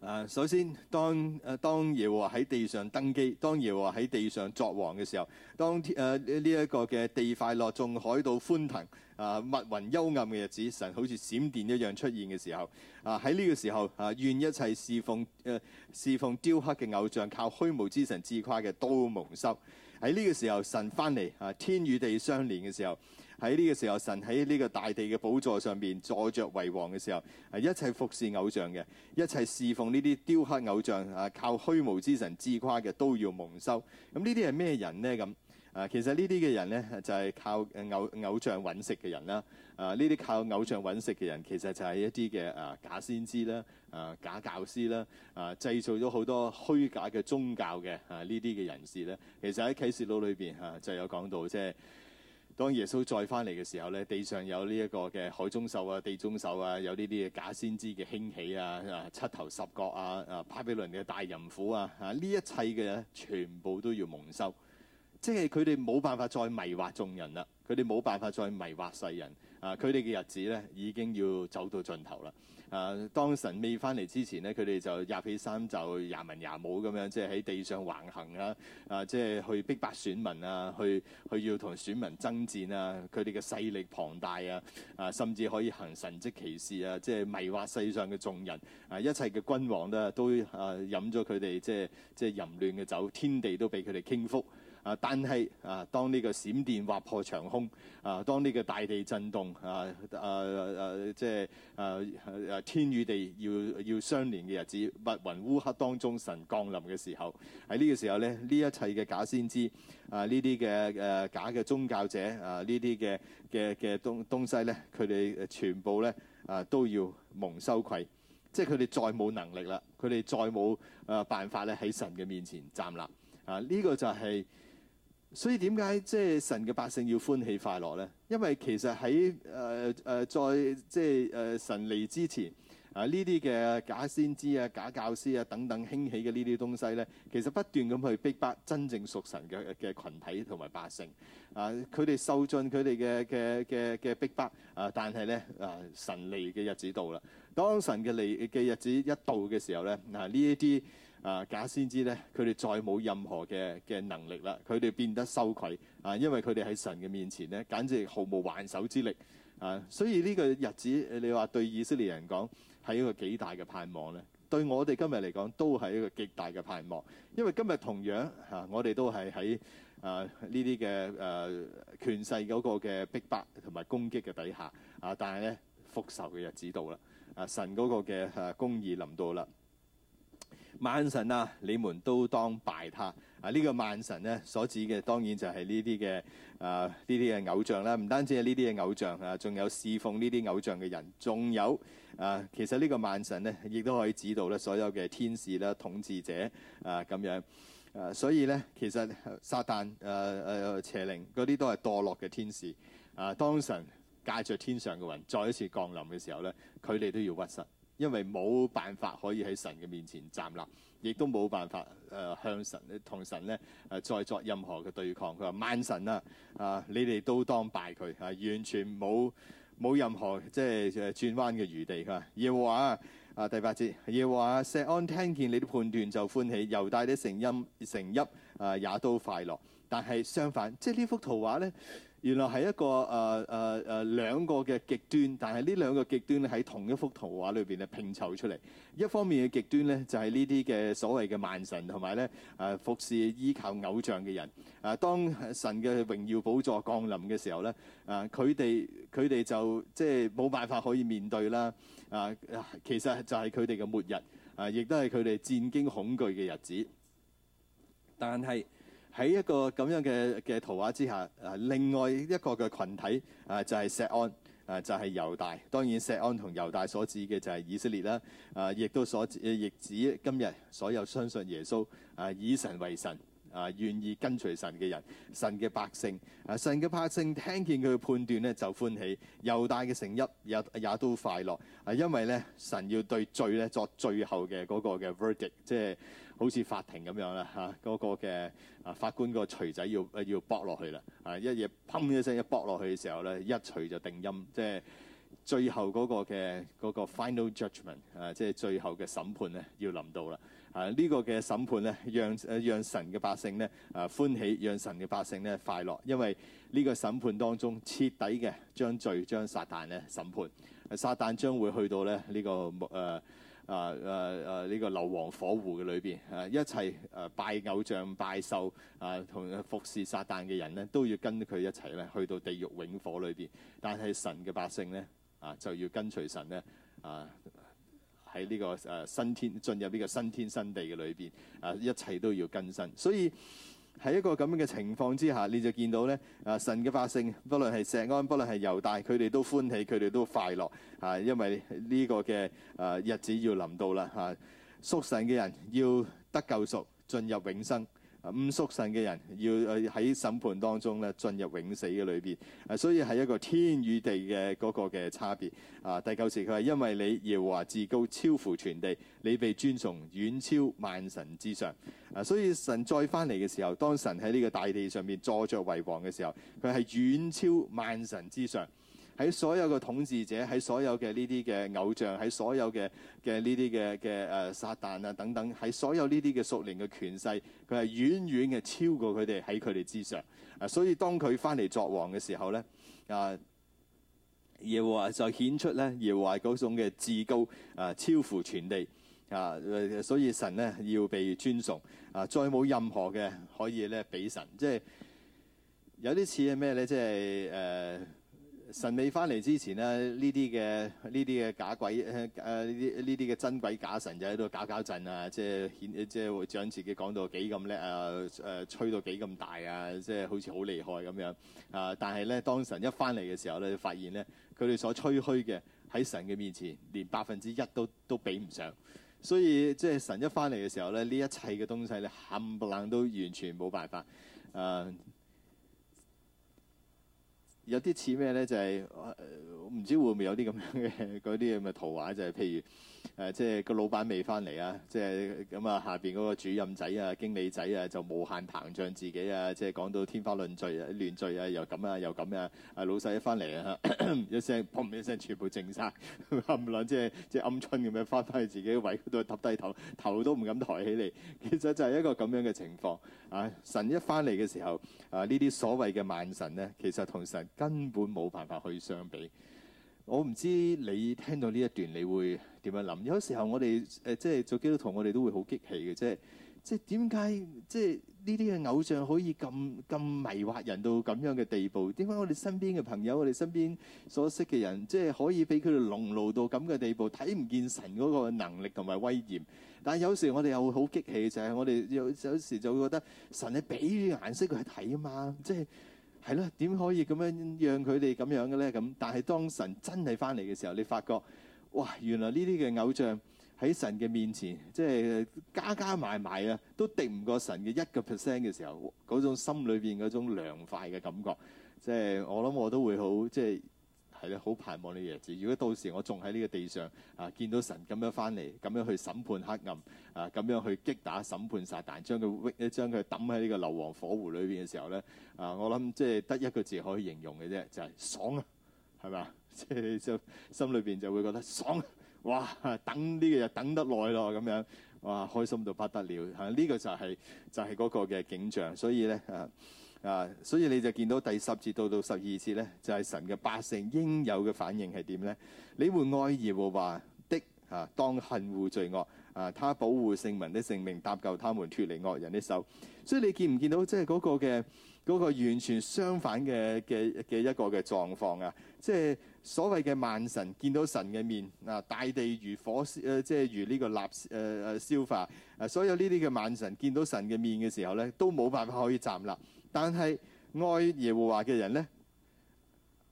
啊，首先當誒、啊、當耶和華喺地上登基，當耶和華喺地上作王嘅時候，當誒呢一個嘅地快樂，眾海島歡騰。啊！密雲幽暗嘅日子，神好似閃電一樣出現嘅時候，啊，喺呢個時候啊，願一切侍奉誒、呃、侍奉雕刻嘅偶像，靠虛無之神自誇嘅都蒙羞。喺呢個時候，神翻嚟啊，天與地相連嘅時候，喺呢個時候，神喺呢個大地嘅寶座上邊坐着為王嘅時候，啊，一切服侍偶像嘅，一切侍奉呢啲雕刻偶像啊，靠虛無之神自誇嘅都要蒙羞。咁呢啲係咩人呢？咁。啊，其實呢啲嘅人咧，就係靠偶、偶像揾食嘅人啦。啊，呢啲靠偶像揾食嘅人，其實就係一啲嘅啊假先知啦，啊假教師啦，啊製造咗好多虛假嘅宗教嘅啊呢啲嘅人士咧，其實喺啟示錄裏邊嚇就有講到，即係當耶穌再翻嚟嘅時候咧，地上有呢一個嘅海中獸啊、地中獸啊，有呢啲嘅假先知嘅興起啊、啊七頭十角啊、啊巴比倫嘅大淫婦啊，啊呢一切嘅全部都要蒙羞。即係佢哋冇辦法再迷惑眾人啦，佢哋冇辦法再迷惑世人啊！佢哋嘅日子咧已經要走到盡頭啦。啊，當神未翻嚟之前咧，佢哋就吔起衫就廿文廿武咁樣，即係喺地上橫行啊！啊，即係去逼迫白選民啊，去去要同選民爭戰啊！佢哋嘅勢力龐大啊！啊，甚至可以行神蹟奇事啊！即係迷惑世上嘅眾人啊！一切嘅君王咧都啊飲咗佢哋即係即係淫亂嘅酒，天地都俾佢哋傾覆。啊！但係啊，當呢個閃電劃破長空，啊，當呢個大地震動，啊啊啊！即係啊啊天與地要要相連嘅日子，密雲烏黑當中，神降臨嘅時候，喺呢個時候咧，呢一切嘅假先知啊，呢啲嘅誒假嘅宗教者啊，呢啲嘅嘅嘅東東西咧，佢哋全部咧啊都要蒙羞愧，即係佢哋再冇能力啦，佢哋再冇誒辦法咧喺神嘅面前站立啊！呢個就係。所以點解即係神嘅百姓要歡喜快樂咧？因為其實喺誒誒在即係誒神嚟之前啊，呢啲嘅假先知啊、假教師啊等等興起嘅呢啲東西咧，其實不斷咁去逼迫真正屬神嘅嘅羣體同埋百姓啊，佢哋受盡佢哋嘅嘅嘅嘅逼迫啊，但係咧啊神嚟嘅日子到啦。當神嘅嚟嘅日子一到嘅時候咧，嗱呢一啲。啊！假先知咧，佢哋再冇任何嘅嘅能力啦，佢哋變得羞愧啊，因為佢哋喺神嘅面前咧，簡直係毫無還手之力啊！所以呢個日子，你話對以色列人講係一個幾大嘅盼望咧，對我哋今日嚟講都係一個極大嘅盼望，因為今日同樣嚇、啊、我哋都係喺啊呢啲嘅誒權勢嗰個嘅逼迫同埋攻擊嘅底下啊，但係咧復仇嘅日子到啦啊！神嗰個嘅公義臨到啦。萬神啊，你們都當拜他。啊！呢、這個萬神咧所指嘅，當然就係呢啲嘅啊呢啲嘅偶像啦，唔單止係呢啲嘅偶像啊，仲有侍奉呢啲偶像嘅人，仲有啊，其實呢個萬神咧，亦都可以指到咧所有嘅天使啦、統治者啊咁樣啊。所以咧，其實撒旦、誒、呃、誒、呃、邪靈嗰啲都係墮落嘅天使啊。當神駕着天上嘅雲再一次降臨嘅時候咧，佢哋都要屈膝。因為冇辦法可以喺神嘅面前站立，亦都冇辦法誒向神同神咧誒再作任何嘅對抗。佢話萬神啊啊，你哋都當拜佢啊，完全冇冇任何即係轉彎嘅餘地。佢話耶和華啊第八節，耶和華錫安聽見你啲判斷就歡喜，猶大的城邑城邑啊也都快樂。但係相反，即係呢幅圖畫咧。原來係一個誒誒誒兩個嘅極端，但係呢兩個極端咧喺同一幅圖畫裏邊咧拼湊出嚟。一方面嘅極端咧就係、是、呢啲嘅所謂嘅萬神同埋咧誒服侍依靠偶像嘅人。誒、啊、當神嘅榮耀寶座降臨嘅時候咧，誒佢哋佢哋就即係冇辦法可以面對啦。誒、啊、其實就係佢哋嘅末日，誒亦都係佢哋戰驚恐懼嘅日子。但係，喺一個咁樣嘅嘅圖畫之下，誒另外一個嘅群體啊，就係錫安，啊就係猶大。當然錫安同猶大所指嘅就係以色列啦，啊亦都所指，亦指今日所有相信耶穌啊以神為神啊願意跟隨神嘅人，神嘅百姓啊，神嘅百姓聽見佢嘅判斷咧就歡喜，猶大嘅城邑，也也都快樂，啊因為咧神要對罪咧作最後嘅嗰個嘅 verdict，即係。好似法庭咁樣啦，嚇、啊、嗰、那個嘅啊法官個錘仔要要搏落去啦，啊,啊一嘢砰一聲一搏落去嘅時候咧，一錘就定音，即係最後嗰個嘅嗰、那個 final judgment 啊，即係最後嘅審判咧要臨到啦。啊呢、這個嘅審判咧，讓、啊、讓神嘅百姓咧啊歡喜，讓神嘅百姓咧快樂，因為呢個審判當中徹底嘅將罪將撒旦咧審判、啊，撒旦將會去到咧呢、這個誒。啊啊啊啊啊！呢、啊這個硫磺火湖嘅裏邊，一齊誒、啊、拜偶像、拜獸啊，同服侍撒旦嘅人咧，都要跟佢一齊咧去到地獄永火裏邊。但係神嘅百姓咧啊，就要跟隨神咧啊，喺呢、這個誒、啊、新天進入呢個新天新地嘅裏邊啊，一切都要更新。所以。喺一個咁樣嘅情況之下，你就見到咧，啊神嘅百姓，不論係錫安，不論係猶大，佢哋都歡喜，佢哋都快樂，嚇、啊，因為呢個嘅啊日子要臨到啦，嚇、啊，屬神嘅人要得救贖，進入永生。唔屬神嘅人要喺審判當中咧進入永死嘅裏邊，所以係一個天與地嘅嗰個嘅差別。第九節佢話，因為你耶和華至高超乎全地，你被尊崇遠超萬神之上。所以神再翻嚟嘅時候，當神喺呢個大地上面坐著為王嘅時候，佢係遠超萬神之上。喺所有嘅統治者，喺所有嘅呢啲嘅偶像，喺所有嘅嘅呢啲嘅嘅誒撒旦啊等等，喺所有呢啲嘅屬靈嘅權勢，佢係遠遠嘅超過佢哋喺佢哋之上啊！所以當佢翻嚟作王嘅時候咧啊，耶和華就顯出咧耶和華嗰種嘅至高啊，超乎全地啊！所以神咧要被尊崇啊，再冇任何嘅可以咧比神，即係有啲似係咩咧？即係誒。啊神未翻嚟之前咧，呢啲嘅呢啲嘅假鬼誒誒呢啲呢啲嘅真鬼假神就喺度搞搞震啊！即係顯即係會將自己講到幾咁叻啊誒吹到幾咁大啊！即係、啊就是、好似好厲害咁樣啊！但係咧，當神一翻嚟嘅時候咧，發現咧，佢哋所吹噓嘅喺神嘅面前，連百分之一都都比唔上。所以即係、就是、神一翻嚟嘅時候咧，呢一切嘅東西咧，冚唪唥都完全冇辦法誒。啊有啲似咩咧？就係、呃、唔知會唔會有啲咁樣嘅嗰啲咁嘅圖畫，就係譬如。誒，即係個老闆未翻嚟啊！即係咁啊，啊，下邊嗰個主任仔啊、經理仔啊，就無限膨脹自己啊！即係講到天花亂墜啊、亂墜啊，又咁啊，又咁啊！啊，老細一翻嚟啊咳咳，一聲砰一聲，一聲全部靜晒。冚唪唥即係即係鵪鶉咁樣，翻返去自己位嗰度耷低頭，頭都唔敢抬起嚟。其實就係一個咁樣嘅情況啊！神一翻嚟嘅時候啊，呢啲所謂嘅萬神咧，其實同神根本冇辦法去相比。我唔知你聽到呢一段，你會點樣諗？有時候我哋誒、呃、即係做基督徒，我哋都會好激氣嘅，即係即係點解即係呢啲嘅偶像可以咁咁迷惑人到咁樣嘅地步？點解我哋身邊嘅朋友，我哋身邊所識嘅人，即係可以俾佢哋矇矇到咁嘅地步，睇唔見神嗰個能力同埋威嚴？但係有時我哋又會好激氣，就係、是、我哋有有時就會覺得神係俾啲顏色佢去睇啊嘛，即係。係咯，點可以咁樣讓佢哋咁樣嘅咧？咁但係當神真係翻嚟嘅時候，你發覺，哇！原來呢啲嘅偶像喺神嘅面前，即係加加埋埋啊，都敵唔過神嘅一個 percent 嘅時候，嗰種心裏邊嗰種涼快嘅感覺，即係我諗我都會好即係。就是係咧，好盼望呢個日子。如果到時我仲喺呢個地上，啊，見到神咁樣翻嚟，咁樣去審判黑暗，啊，咁樣去擊打審判撒但，將佢搵，將佢抌喺呢個硫磺火湖裏邊嘅時候咧，啊，我諗即係得一個字可以形容嘅啫，就係、是、爽啊，係嘛？即係就心裏邊就會覺得爽、啊，哇！等呢個就等得耐咯，咁樣，哇，開心到不得了嚇！呢、這個就係、是、就係、是、嗰個嘅景象，所以咧，啊。啊，所以你就見到第十節到到十二節咧，就係、是、神嘅百姓應有嘅反應係點咧？你們愛耶和華的啊，當恨惡罪惡啊，他保護聖民的性命，搭救他們脫離惡人的手。所以你見唔見到即係嗰、那個嘅嗰、那個完全相反嘅嘅嘅一個嘅狀況啊？即係所謂嘅萬神見到神嘅面啊，大地如火燒、啊，即係如呢個蠟誒誒消化啊。所有呢啲嘅萬神見到神嘅面嘅時候咧，都冇辦法可以站立。但係愛耶和華嘅人咧，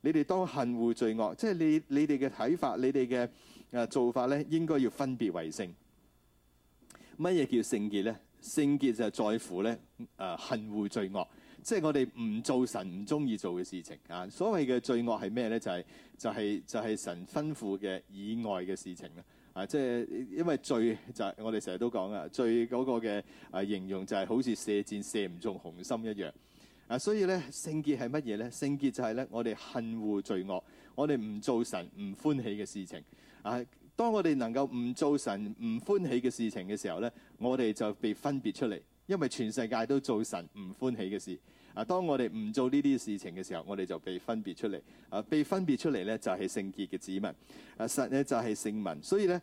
你哋當恨惡罪惡，即係你你哋嘅睇法，你哋嘅啊做法咧，應該要分別為聖。乜嘢叫聖潔咧？聖潔就在乎咧，啊恨惡罪惡，即係我哋唔做神唔中意做嘅事情啊。所謂嘅罪惡係咩咧？就係、是、就係、是、就係、是、神吩咐嘅以外嘅事情啊。啊，即係因為罪就係我哋成日都講噶，罪嗰個嘅啊形容就係好似射箭射唔中紅心一樣。啊，所以咧聖潔係乜嘢咧？聖潔就係咧我哋恨惡罪惡，我哋唔做神唔歡喜嘅事情。啊，當我哋能夠唔做神唔歡喜嘅事情嘅時候咧，我哋就被分別出嚟，因為全世界都做神唔歡喜嘅事。啊！當我哋唔做呢啲事情嘅時候，我哋就被分別出嚟。啊，被分別出嚟呢，就係聖潔嘅子民。啊，神咧就係聖民。所以呢，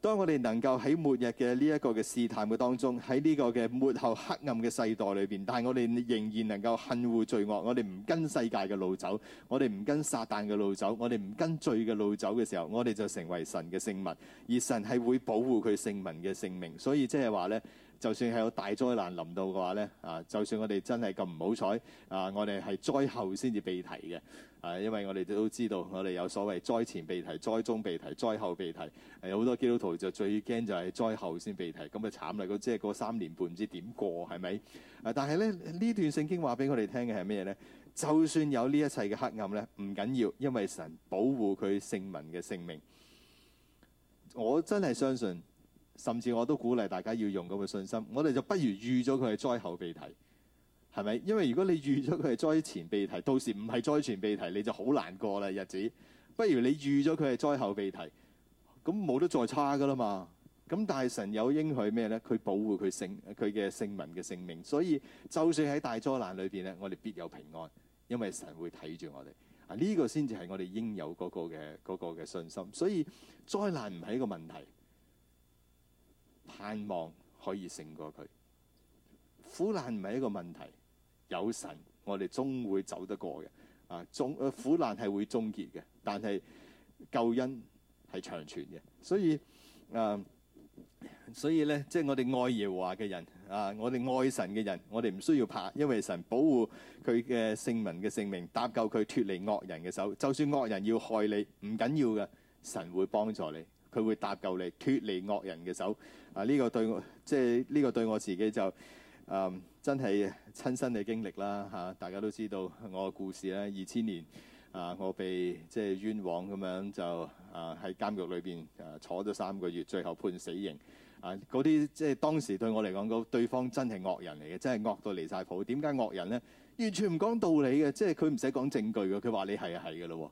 當我哋能夠喺末日嘅呢一個嘅試探嘅當中，喺呢個嘅末後黑暗嘅世代裏邊，但係我哋仍然能夠恨惡罪惡，我哋唔跟世界嘅路走，我哋唔跟撒旦嘅路走，我哋唔跟罪嘅路走嘅時候，我哋就成為神嘅聖民。而神係會保護佢聖民嘅性命。所以即係話呢。就算係有大災難臨到嘅話咧，啊，就算我哋真係咁唔好彩，啊，我哋係災後先至被提嘅，啊，因為我哋都知道，我哋有所謂災前被提、災中被提、災後被提，有、啊、好多基督徒就最驚就係災後先被提，咁就慘啦，咁即係嗰三年半唔知點過係咪？啊，但係咧呢段聖經話俾我哋聽嘅係咩嘢咧？就算有呢一切嘅黑暗咧，唔緊要，因為神保護佢聖民嘅性命。我真係相信。甚至我都鼓勵大家要用咁嘅信心，我哋就不如預咗佢係災後被提，係咪？因為如果你預咗佢係災前被提，到時唔係災前被提，你就好難過啦日子。不如你預咗佢係災後被提，咁冇得再差噶啦嘛。咁大神有應許咩呢？佢保護佢聖佢嘅聖民嘅性命，所以就算喺大災難裏邊咧，我哋必有平安，因為神會睇住我哋。啊，呢個先至係我哋應有嗰個嘅嗰個嘅信心。所以災難唔係一個問題。盼望可以勝過佢，苦難唔係一個問題。有神，我哋終會走得過嘅。啊，終苦難係會終結嘅，但係救恩係長存嘅。所以啊，所以咧，即係我哋愛耶和華嘅人啊，我哋愛神嘅人，我哋唔需要怕，因為神保護佢嘅聖民嘅性命，搭救佢脫離惡人嘅手。就算惡人要害你，唔緊要嘅，神會幫助你。佢會搭救你，脱離惡人嘅手。啊，呢個對我，即係呢個對我自己就，嗯，真係親身嘅經歷啦。嚇、啊，大家都知道我個故事咧。二千年，啊，我被即係冤枉咁樣就，啊，喺監獄裏邊，啊，坐咗三個月，最後判死刑。啊，嗰啲即係當時對我嚟講，嗰對方真係惡人嚟嘅，真係惡到離晒譜。點解惡人咧？完全唔講道理嘅，即係佢唔使講證據嘅，佢話你係啊係嘅咯。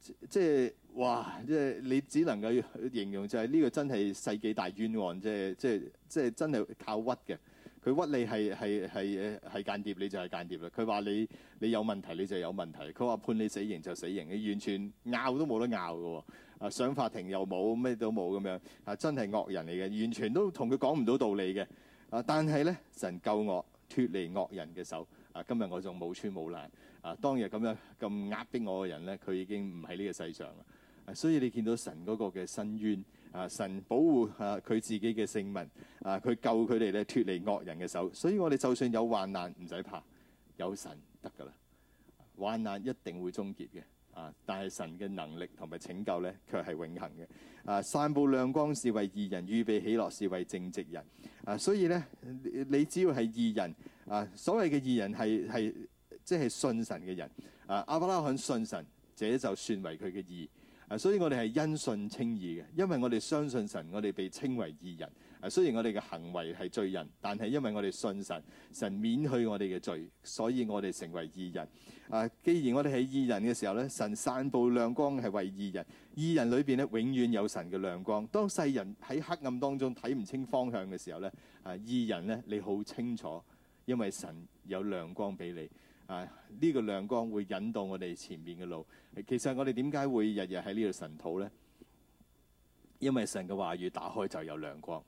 即係。即係即係即係哇！即係你只能夠形容就係呢個真係世紀大冤案，即係即係即係真係靠屈嘅。佢屈你係係係係間諜，你就係間諜啦。佢話你你有問題，你就有問題。佢話判你死刑就死刑，你完全拗都冇得拗嘅。啊，上法庭又冇，咩都冇咁樣啊，真係惡人嚟嘅，完全都同佢講唔到道理嘅。啊，但係咧，神救我，脱離惡人嘅手。啊，今日我仲冇穿冇爛。啊，當日咁樣咁壓迫我嘅人咧，佢已經唔喺呢個世上啦。所以你見到神嗰個嘅身冤啊，神保護啊佢自己嘅性命啊，佢救佢哋咧脱離惡人嘅手。所以我哋就算有患難，唔使怕，有神得㗎喇。患難一定會終結嘅啊，但係神嘅能力同埋拯救咧，卻係永恆嘅啊。散布亮光是為義人，預備喜樂是為正直人啊。所以咧，你只要係義人啊，所謂嘅義人係係即係信神嘅人啊。亞伯拉罕信神，這就算為佢嘅義。啊！所以我哋係因信稱義嘅，因為我哋相信神，我哋被稱為義人。啊，雖然我哋嘅行為係罪人，但係因為我哋信神，神免去我哋嘅罪，所以我哋成為義人。啊，既然我哋係義人嘅時候咧，神散佈亮光係為義人。義人裏邊咧永遠有神嘅亮光。當世人喺黑暗當中睇唔清方向嘅時候咧，啊，義人咧你好清楚，因為神有亮光俾你。呢、啊呢個亮光會引導我哋前面嘅路。其實我哋點解會日日喺呢度神土呢？因為神嘅話語打開就有亮光。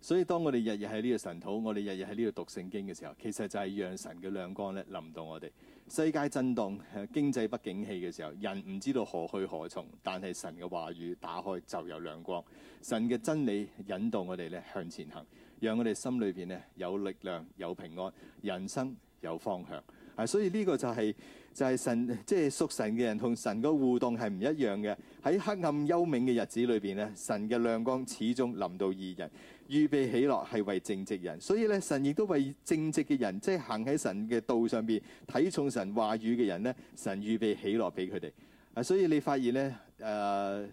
所以當我哋日日喺呢度晨禱，我哋日日喺呢度讀聖經嘅時候，其實就係讓神嘅亮光咧臨到我哋。世界震盪，啊，經濟不景氣嘅時候，人唔知道何去何從，但係神嘅話語打開就有亮光。神嘅真理引導我哋咧向前行，讓我哋心裏邊呢有力量、有平安、人生有方向。啊，所以呢個就係就係神，即係屬神嘅人同神嘅互動係唔一樣嘅。喺黑暗幽冥嘅日子裏邊咧，神嘅亮光始終臨到義人，預備喜樂係為正直人。所以咧，神亦都為正直嘅人，即係行喺神嘅道上邊、睇重神話語嘅人咧，神預備喜樂俾佢哋。啊，所以你發現咧，誒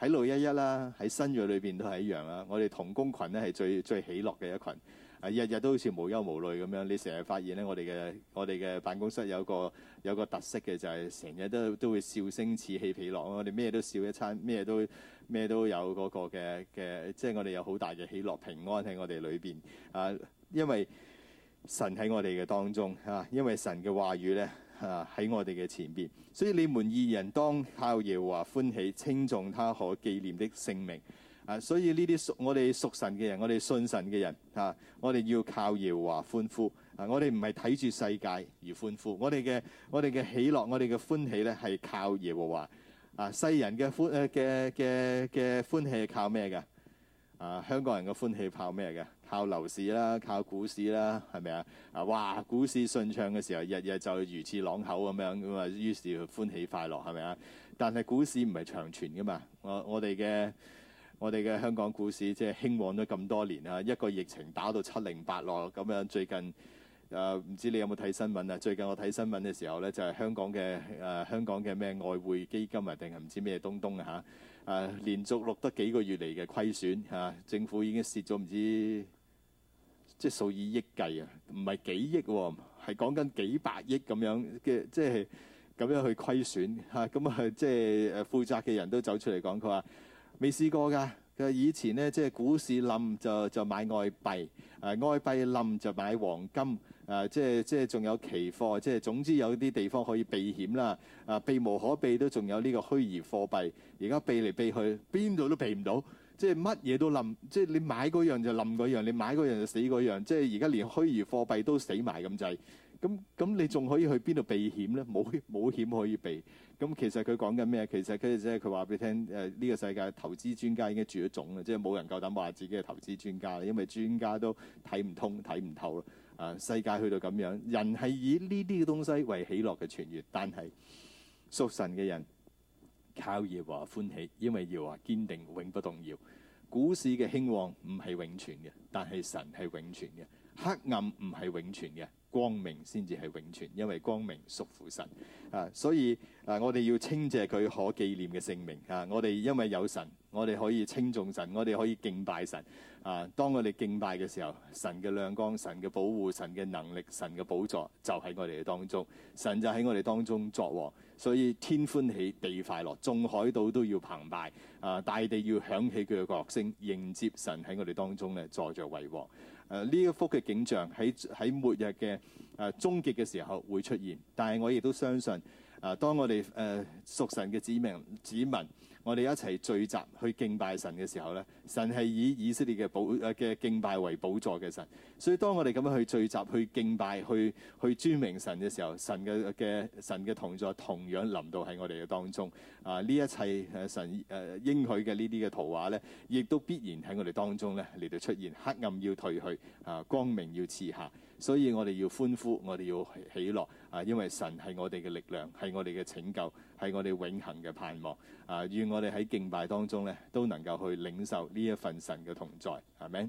喺六一一啦，喺新約裏邊都係一樣啊。我哋同工群咧係最最喜樂嘅一群。係日日都好似無憂無慮咁樣，你成日發現咧，我哋嘅我哋嘅辦公室有個有個特色嘅，就係成日都都會笑聲此起彼落。我哋咩都笑一餐，咩都咩都有嗰個嘅嘅，即係、就是、我哋有好大嘅喜樂平安喺我哋裏邊啊！因為神喺我哋嘅當中啊，因為神嘅話語咧啊喺我哋嘅前邊，所以你們二人當靠耶和華歡喜，稱頌他可記念的聖名。啊！所以呢啲屬我哋屬神嘅人，我哋信神嘅人啊，我哋要靠耶和華歡呼啊！我哋唔係睇住世界而歡呼，我哋嘅我哋嘅喜樂，我哋嘅歡喜咧係靠耶和華啊！世人嘅歡嘅嘅嘅歡喜係靠咩嘅啊？香港人嘅歡喜靠咩嘅？靠樓市啦，靠股市啦，係咪啊？啊！哇！股市順暢嘅時候，日日就魚翅朗口咁樣咁啊，於是就歡喜快樂係咪啊？但係股市唔係長存噶嘛，我我哋嘅。我哋嘅香港股市即係興旺咗咁多年啊，一個疫情打到七零八落咁樣，最近誒唔、啊、知你有冇睇新聞啊？最近我睇新聞嘅時候咧，就係、是、香港嘅誒、啊、香港嘅咩外匯基金啊，定係唔知咩東東啊嚇誒、啊，連續錄得幾個月嚟嘅虧損啊，政府已經蝕咗唔知即係數以億計億啊，唔係幾億喎，係講緊幾百億咁樣嘅，即係咁樣去虧損嚇，咁啊即係誒負責嘅人都走出嚟講，佢話，未試過㗎，佢以前咧即係股市冧就就買外幣，誒、啊、外幣冧就買黃金，誒、啊、即係即係仲有期貨，即係總之有啲地方可以避險啦。誒、啊、避無可避都仲有呢個虛擬貨幣，而家避嚟避去邊度都避唔到，即係乜嘢都冧，即係你買嗰樣就冧嗰樣，你買嗰樣就死嗰樣，即係而家連虛擬貨幣都死埋咁滯。咁咁、嗯嗯，你仲可以去邊度避險咧？冇冇險可以避。咁其實佢講緊咩？其實佢即係佢話俾你聽。誒、呃，呢、這個世界投資專家已經絕咗種啦，即係冇人夠膽話自己係投資專家啦，因為專家都睇唔通、睇唔透啦。啊，世界去到咁樣，人係以呢啲嘅東西為喜樂嘅泉源，但係屬神嘅人靠耶和華歡喜，因為耶和華堅定永不動搖。股市嘅興旺唔係永存嘅，但係神係永存嘅。黑暗唔係永存嘅。光明先至係永存，因為光明屬乎神啊，所以啊，我哋要稱謝佢可紀念嘅聖名。啊！我哋、啊、因為有神，我哋可以稱重神，我哋可以敬拜神啊！當我哋敬拜嘅時候，神嘅亮光、神嘅保護、神嘅能力、神嘅寶座，就喺我哋嘅當中，神就喺我哋當中作王，所以天歡喜、地快樂，眾海島都要澎湃啊！大地要響起佢嘅角聲，迎接神喺我哋當中咧，坐著為王。誒呢、啊、一幅嘅景象喺喺末日嘅誒、啊、終結嘅時候會出現，但係我亦都相信，啊當我哋誒、啊、屬神嘅子民子民。子民我哋一齊聚集去敬拜神嘅時候咧，神係以以色列嘅保誒嘅敬拜為寶座嘅神，所以當我哋咁樣去聚集去敬拜去去尊榮神嘅時候，神嘅嘅神嘅同在同樣臨到喺我哋嘅當中啊！呢一切誒神誒、啊、應許嘅呢啲嘅圖畫咧，亦都必然喺我哋當中咧嚟到出現，黑暗要退去啊，光明要賜下。所以我哋要歡呼，我哋要喜樂啊！因為神係我哋嘅力量，係我哋嘅拯救，係我哋永恆嘅盼望啊！願我哋喺敬拜當中呢，都能夠去領受呢一份神嘅同在，係咪？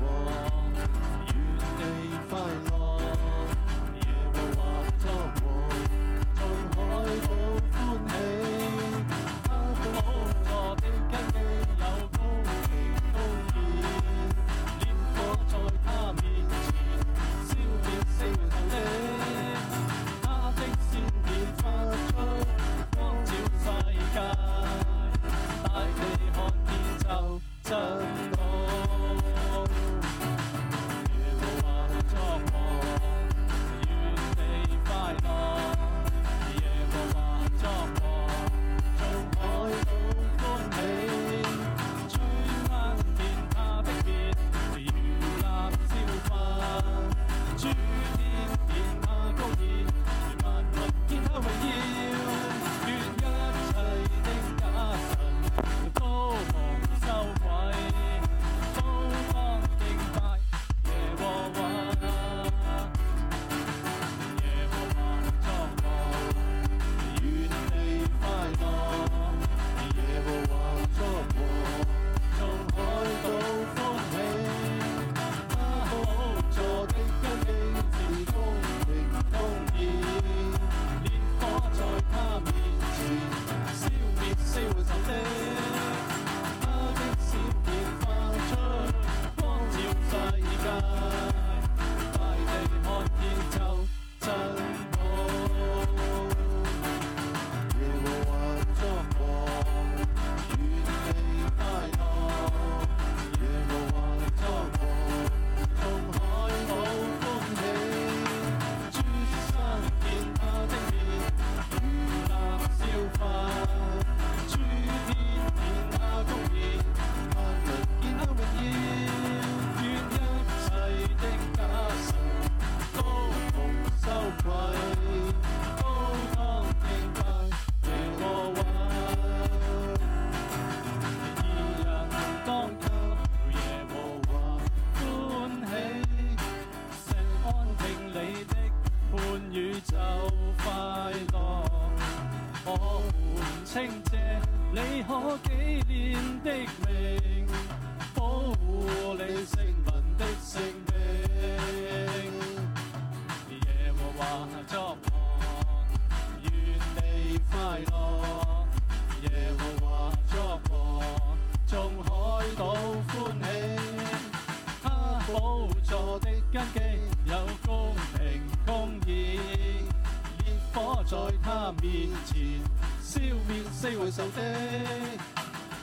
面前消滅四圍仇敵，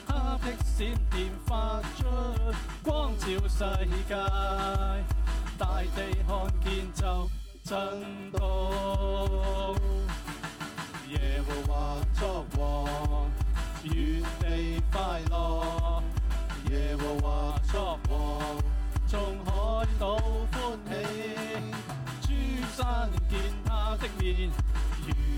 他的閃電發出光照世界，大地看見就震動。耶和華作王，願地快樂。耶和華作王，眾海島歡喜。諸山見他的面。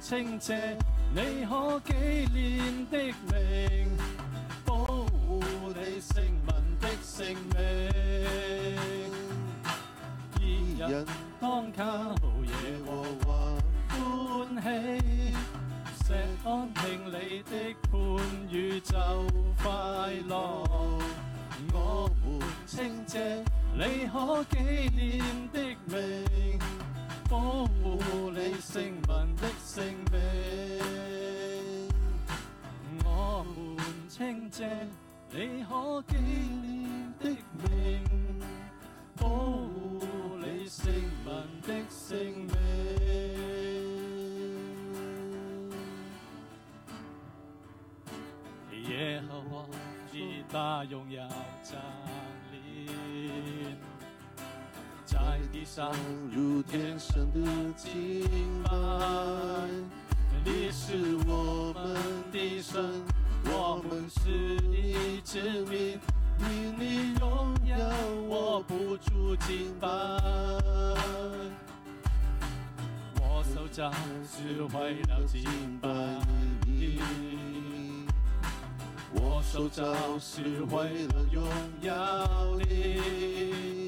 稱謝你可記念的名，保護你聖民的性命。 [noise] 義人當靠耶和華歡喜，錫安聽你的判語就快樂。我們稱謝你可記念的名。保護你聖民的性命，我們清正，你可紀念的名。保護你聖民的性命，夜和我自把榮耀照亮。 [noise] [noise] [noise] 在地上如天上的敬拜，你是我們的神，我們是一你的命，你的榮耀我不住敬拜，我受造是為了敬拜你，我受造是，是為了榮耀你。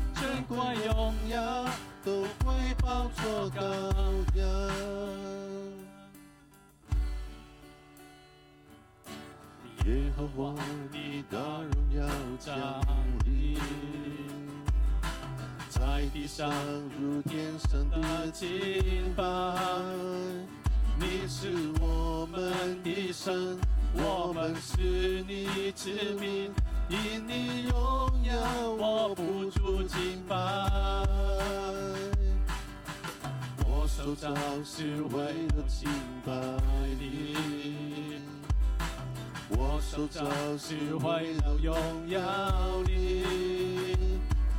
珍貴榮耀，都會包住羔羊。耶和華你的榮耀降臨， [noise] 在地上如天上的金榜。你是我們的神，我們是你子民。因你榮耀，我不住敬拜。我守着是為了敬拜你，我守着是為了榮耀你。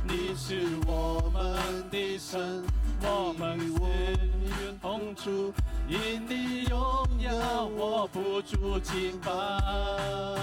你是我們的神，我們永遠同住。因你榮耀，我不住敬拜。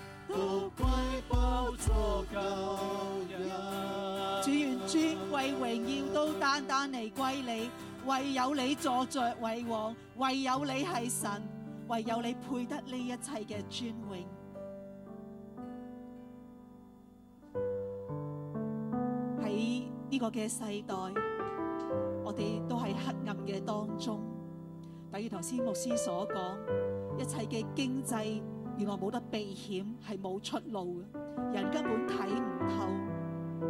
主，願尊貴榮耀都單單嚟歸你，唯有你坐着為王，唯有你係神，唯有你配得呢一切嘅尊榮。喺呢 [noise] 個嘅世代，我哋都係黑暗嘅當中，比如頭先牧師所講，一切嘅經濟。原來冇得避險係冇出路嘅，人根本睇唔透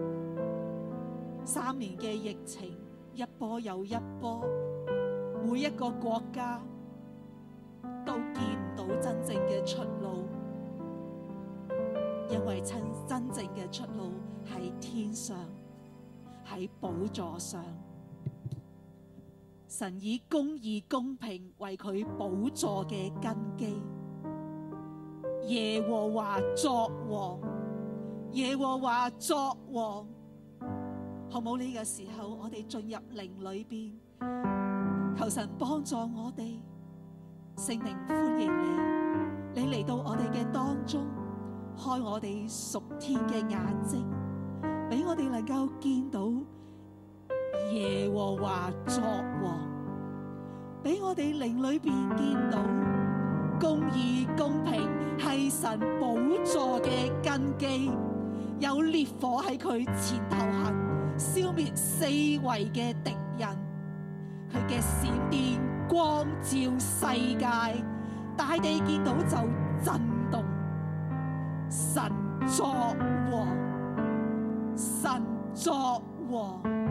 三年嘅疫情，一波又一波，每一個國家都見唔到真正嘅出路，因為真真正嘅出路喺天上，喺寶座上，神以公義公平為佢寶座嘅根基。耶和華作王，耶和華作王，好冇呢個時候，我哋進入靈裏邊，求神幫助我哋，聖靈歡迎你，你嚟到我哋嘅當中，開我哋屬天嘅眼睛，俾我哋能夠見到耶和華作王，俾我哋靈裏邊見到。公義公平係神寶座嘅根基，有烈火喺佢前頭行，消滅四圍嘅敵人。佢嘅閃電光照世界，大地見到就震動。神作王，神作王。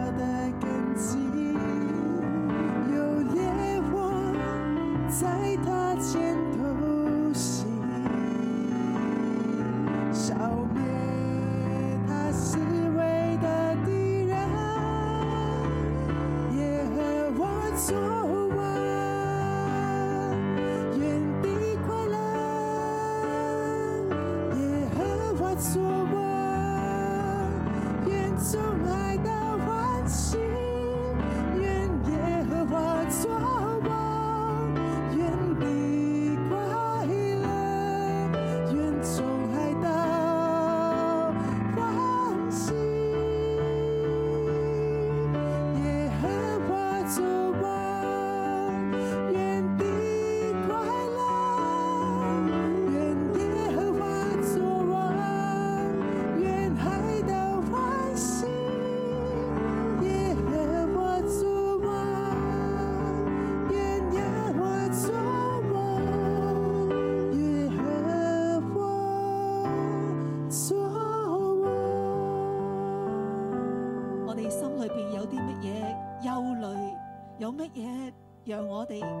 讓我哋。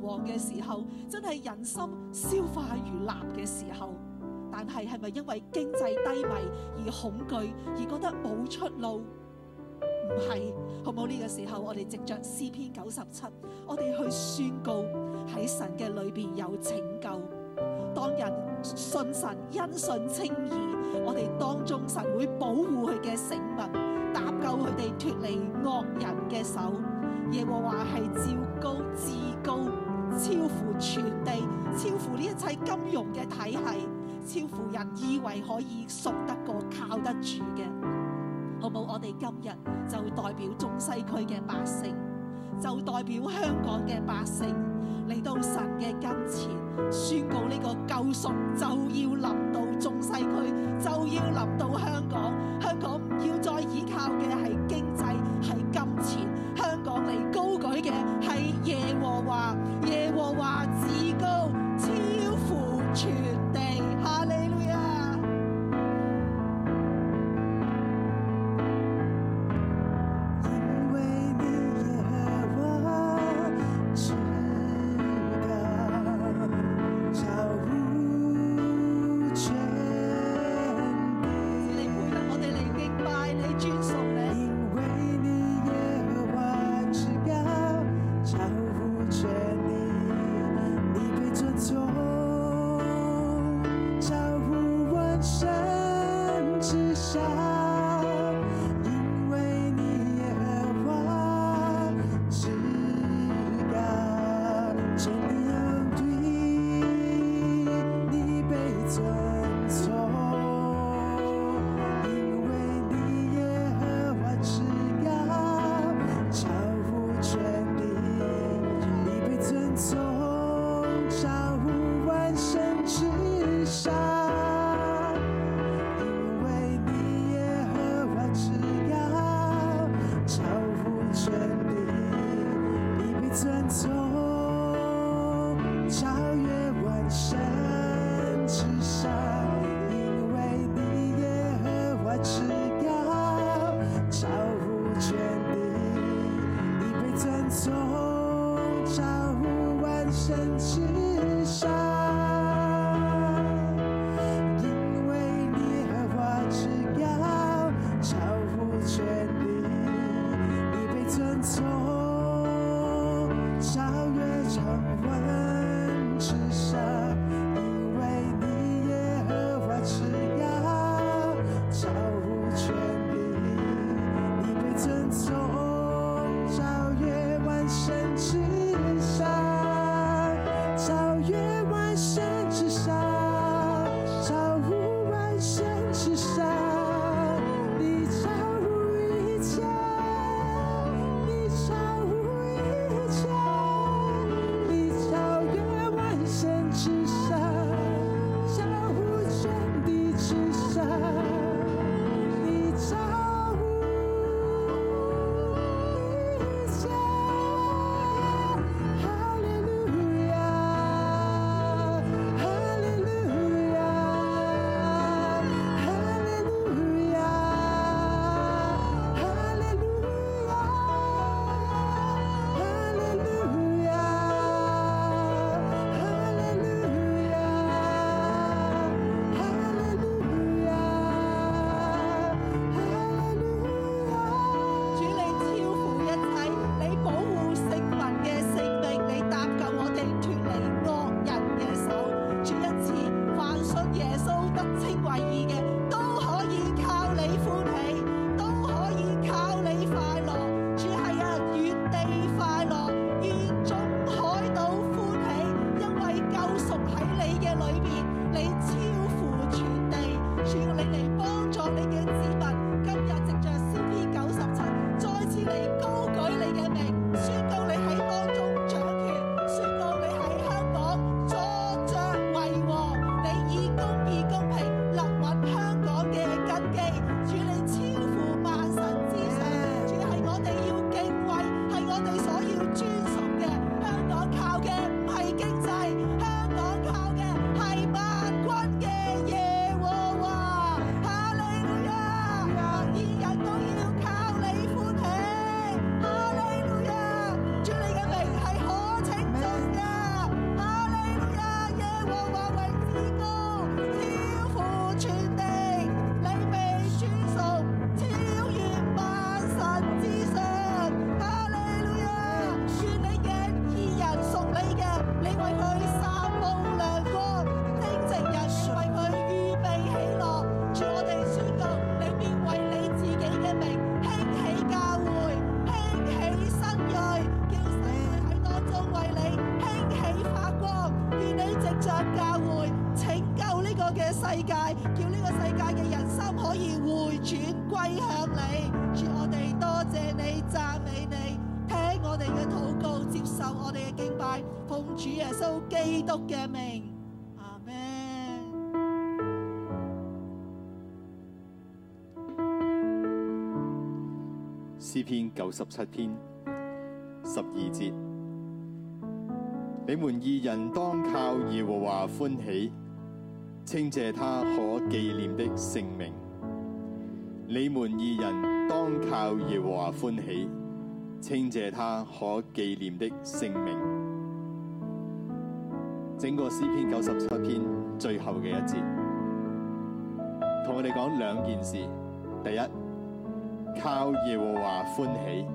旺嘅時候，真係人心消化如蠟嘅時候。但係係咪因為經濟低迷而恐懼，而覺得冇出路？唔係，好冇呢、這個時候，我哋藉着詩篇九十七，我哋去宣告喺神嘅裏邊有拯救。當人信神，因信稱義，我哋當中神會保護佢嘅性命，搭救佢哋脫離惡人嘅手。耶和華係照高、至高，超乎全地，超乎呢一切金融嘅體系，超乎人以為可以信得過、靠得住嘅，好唔好？我哋今日就代表中西區嘅百姓，就代表香港嘅百姓嚟到神嘅跟前，宣告呢個救贖就要臨到中西區，就要臨到，到香港，香港唔要再依靠嘅係。詩篇九十七篇十二節，你們義人當靠耶和華歡喜，稱謝他可紀念的聖名。你們義人當靠耶和華歡喜，稱謝他可紀念的聖名。整個詩篇九十七篇最後嘅一節，同我哋講兩件事。第一。靠耶和華歡喜，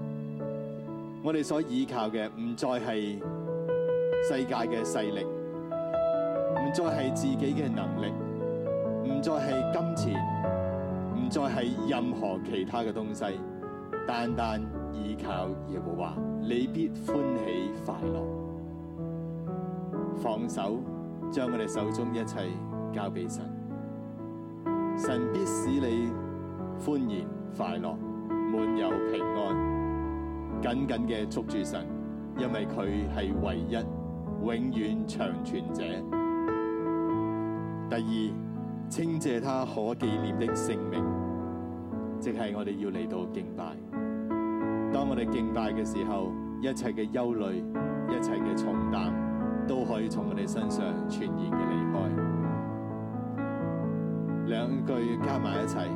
我哋所依靠嘅唔再係世界嘅勢力，唔再係自己嘅能力，唔再係金錢，唔再係任何其他嘅東西，單單依靠耶和華，你必歡喜快樂。放手，將我哋手中一切交俾神，神必使你歡然快樂。伴有平安，緊緊嘅捉住神，因為佢係唯一，永遠長存者。第二，稱謝他可紀念的聖名，即係我哋要嚟到敬拜。當我哋敬拜嘅時候，一切嘅憂慮、一切嘅重擔，都可以從我哋身上全然嘅離開。兩句加埋一齊，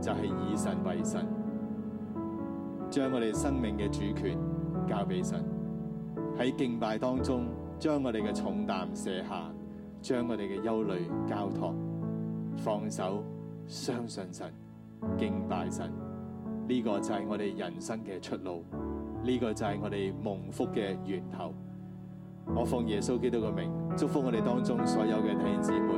就係以神為神。將我哋生命嘅主權交俾神，喺敬拜當中將我哋嘅重擔卸下，將我哋嘅憂慮交託，放手相信神，敬拜神，呢個就係我哋人生嘅出路，呢個就係我哋蒙福嘅源頭。我奉耶穌基督嘅名，祝福我哋當中所有嘅弟兄姊妹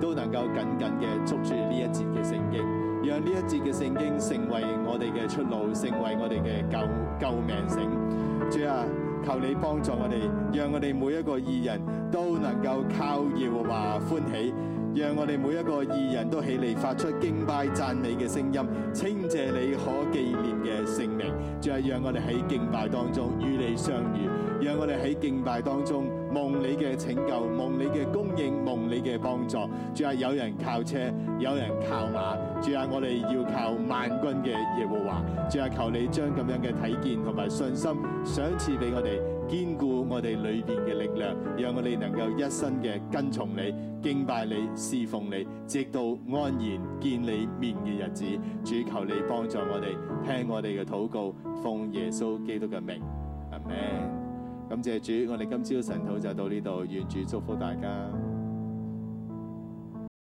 都能夠緊緊嘅捉住呢一節嘅聖經。讓呢一節嘅聖經成為我哋嘅出路，成為我哋嘅救救命繩。主啊，求你幫助我哋，讓我哋每一個義人都能夠靠耶和華歡喜，讓我哋每一個義人都起嚟發出敬拜讚美嘅聲音，稱謝你可紀念嘅聖名。主啊，讓我哋喺敬拜當中與你相遇，讓我哋喺敬拜當中蒙你嘅拯救，蒙你嘅供應，蒙你嘅幫助。主啊，有人靠車，有人靠馬。主啊，我哋要靠萬軍嘅耶和華。主啊，求你將咁樣嘅睇見同埋信心賞賜俾我哋，堅固我哋裏邊嘅力量，讓我哋能夠一生嘅跟從你、敬拜你、侍奉你，直到安然見你面嘅日子。主，求你幫助我哋聽我哋嘅禱告，奉耶穌基督嘅名，阿門。感謝主，我哋今朝嘅晨禱就到呢度，願主祝福大家。